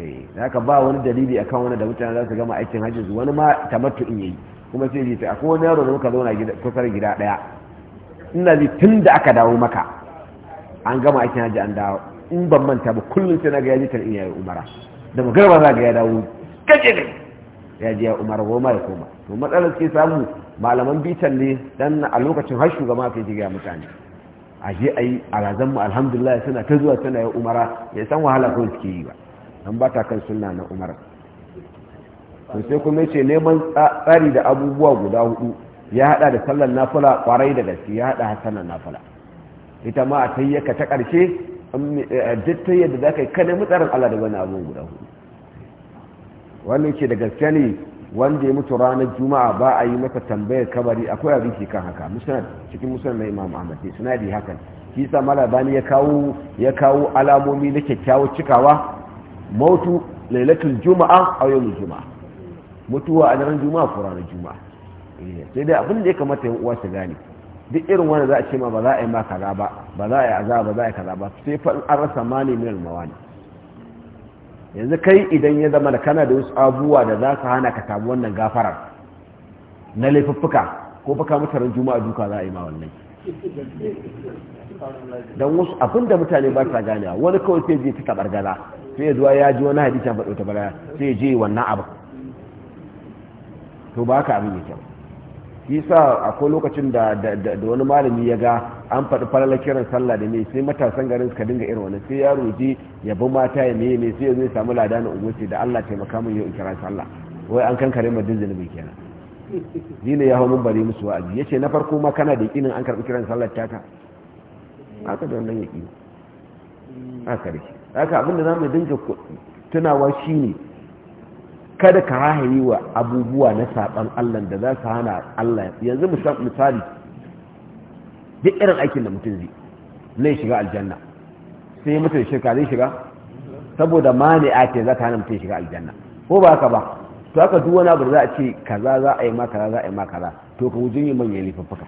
Speaker 1: eh haka ba wani dalili akan wani da mutane za su gama aikin hajji wani ma tamattu in yi kuma sai ji ta akwai wani yaro da muka zauna gida kusar gida daya ina ji tun da aka dawo maka an gama aikin hajji an dawo in ban manta ba kullum sai na ga yaji ta in yayi umara da magarba za ga ya dawo kace ne ya je ya umar goma ya koma to matsalar ke samu malaman bitan ne dan a lokacin har shugaba kai jiga mutane a je a yi mu alhamdulillah suna ta zuwa suna ya umara ya san wahala ko suke yi ba dan ba ta kan sunna na umar to sai kuma ce neman tsari da abubuwa guda hudu ya hada da sallar nafila kwarai da gaske ya hada sallar nafila ita ma a tayyaka ta karshe eh, duk tayyar da za ka yi kanai mutsarin Allah da wani abu guda hudu wannan ce da gaske ne wanda ya mutu ranar juma'a ba a yi mata tambayar kabari akwai abin ke kan haka musnad cikin musnad na imam ahmad ne sunadi hakan shi sa malabani ya kawo ya kawo alamomi na kyakkyawar cikawa mautu lailatul juma'a a yau juma'a mutuwa a daren juma'a ko ranar juma'a eh sai dai abin da ya kamata ya uwa su gane duk irin wanda za a ce ma ba za a yi ma kaza ba ba za a yi azaba ba za a yi kaza ba sai fa an rasa mani min almawani yanzu kai idan ya zama da kana da wasu abubuwa da za su hana ka samu wannan gafarar na laifuffuka ko baka mutanen juma'a duka za a yi ma wannan don wasu abin da mutane ba gane ganewa wani kawai sai je ta tabar gaza sai ya zuwa ya ji wani hadisan faɗo ta bala sai ya je wannan abu to ba ka abin yake ba shi sa akwai lokacin da wani malami ya ga an faɗi falala kiran sallah da mai sai matasan garin suka dinga irin wani sai yaro je ya bi mata ya meye mai sai ya zai samu lada na unguci da Allah taimaka min yau in kira sallah wai an kankare ma ne mai kenan ni ne ya hau mun bari musu wa'azi yace na farko ma kana da yakinin an karɓi kiran sallah taka haka da wannan yaki haka shi haka abinda zamu dinga tunawa shine kada ka hahayi wa abubuwa na saban Allah da za su hana Allah yanzu misali duk irin aikin da mutum zai zai shiga aljanna sai mutu da shirka zai shiga saboda a ce za ta hana mutum shiga aljanna ko ba haka ba to haka duk wani abu da za a ce kaza za a yi ma kaza za a yi ma kaza to ka wujin yi manyan laifuffuka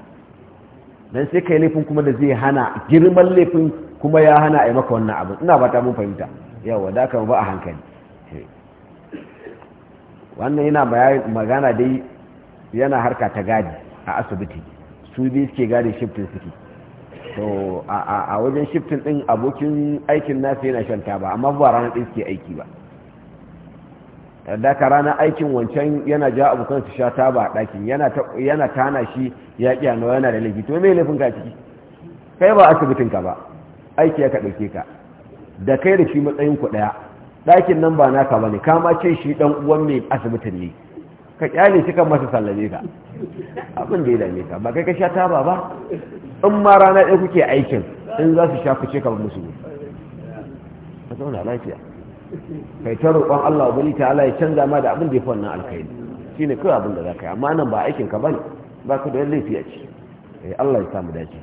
Speaker 1: dan sai kai laifin kuma da zai hana girman laifin kuma ya hana a yi maka wannan abu ina ba ta mun fahimta yawa da aka ba a hankali wannan yana magana dai yana harka ta gadi a asibiti su biyu suke gane shiftin suke to a wajen shiftin din abokin aikin nasu yana shan ba amma ba ranar ɗin suke aiki ba da ka rana aikin wancan yana ja abokan su sha ta a ɗakin yana tana shi ya kyano yana da laifi to mai laifin ka ciki kai ba asibitin ka ba aiki ya ka ɗauke ka da kai da shi matsayin ku ɗaya ɗakin nan ba naka ba ne kama ce shi ɗan uwan mai asibitin ne ka kyale shi kan masa sallame ka abin da ya dame ka ba kai ka sha taba ba in ma rana ɗaya kuke aikin in za su sha fice kamar musu ka zauna lafiya kai ta roƙon Allah wa ta ta'ala ya canza ma da abin da ya fi wannan alkhairi ne kawai abin da za ka yi amma nan ba aikin ka bane ba ka da laifi a ci eh, Allah ya samu dace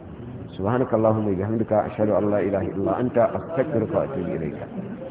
Speaker 1: subhanakallahumma wa bihamdika ashhadu an la ilaha illa anta astaghfiruka wa atubu ilayka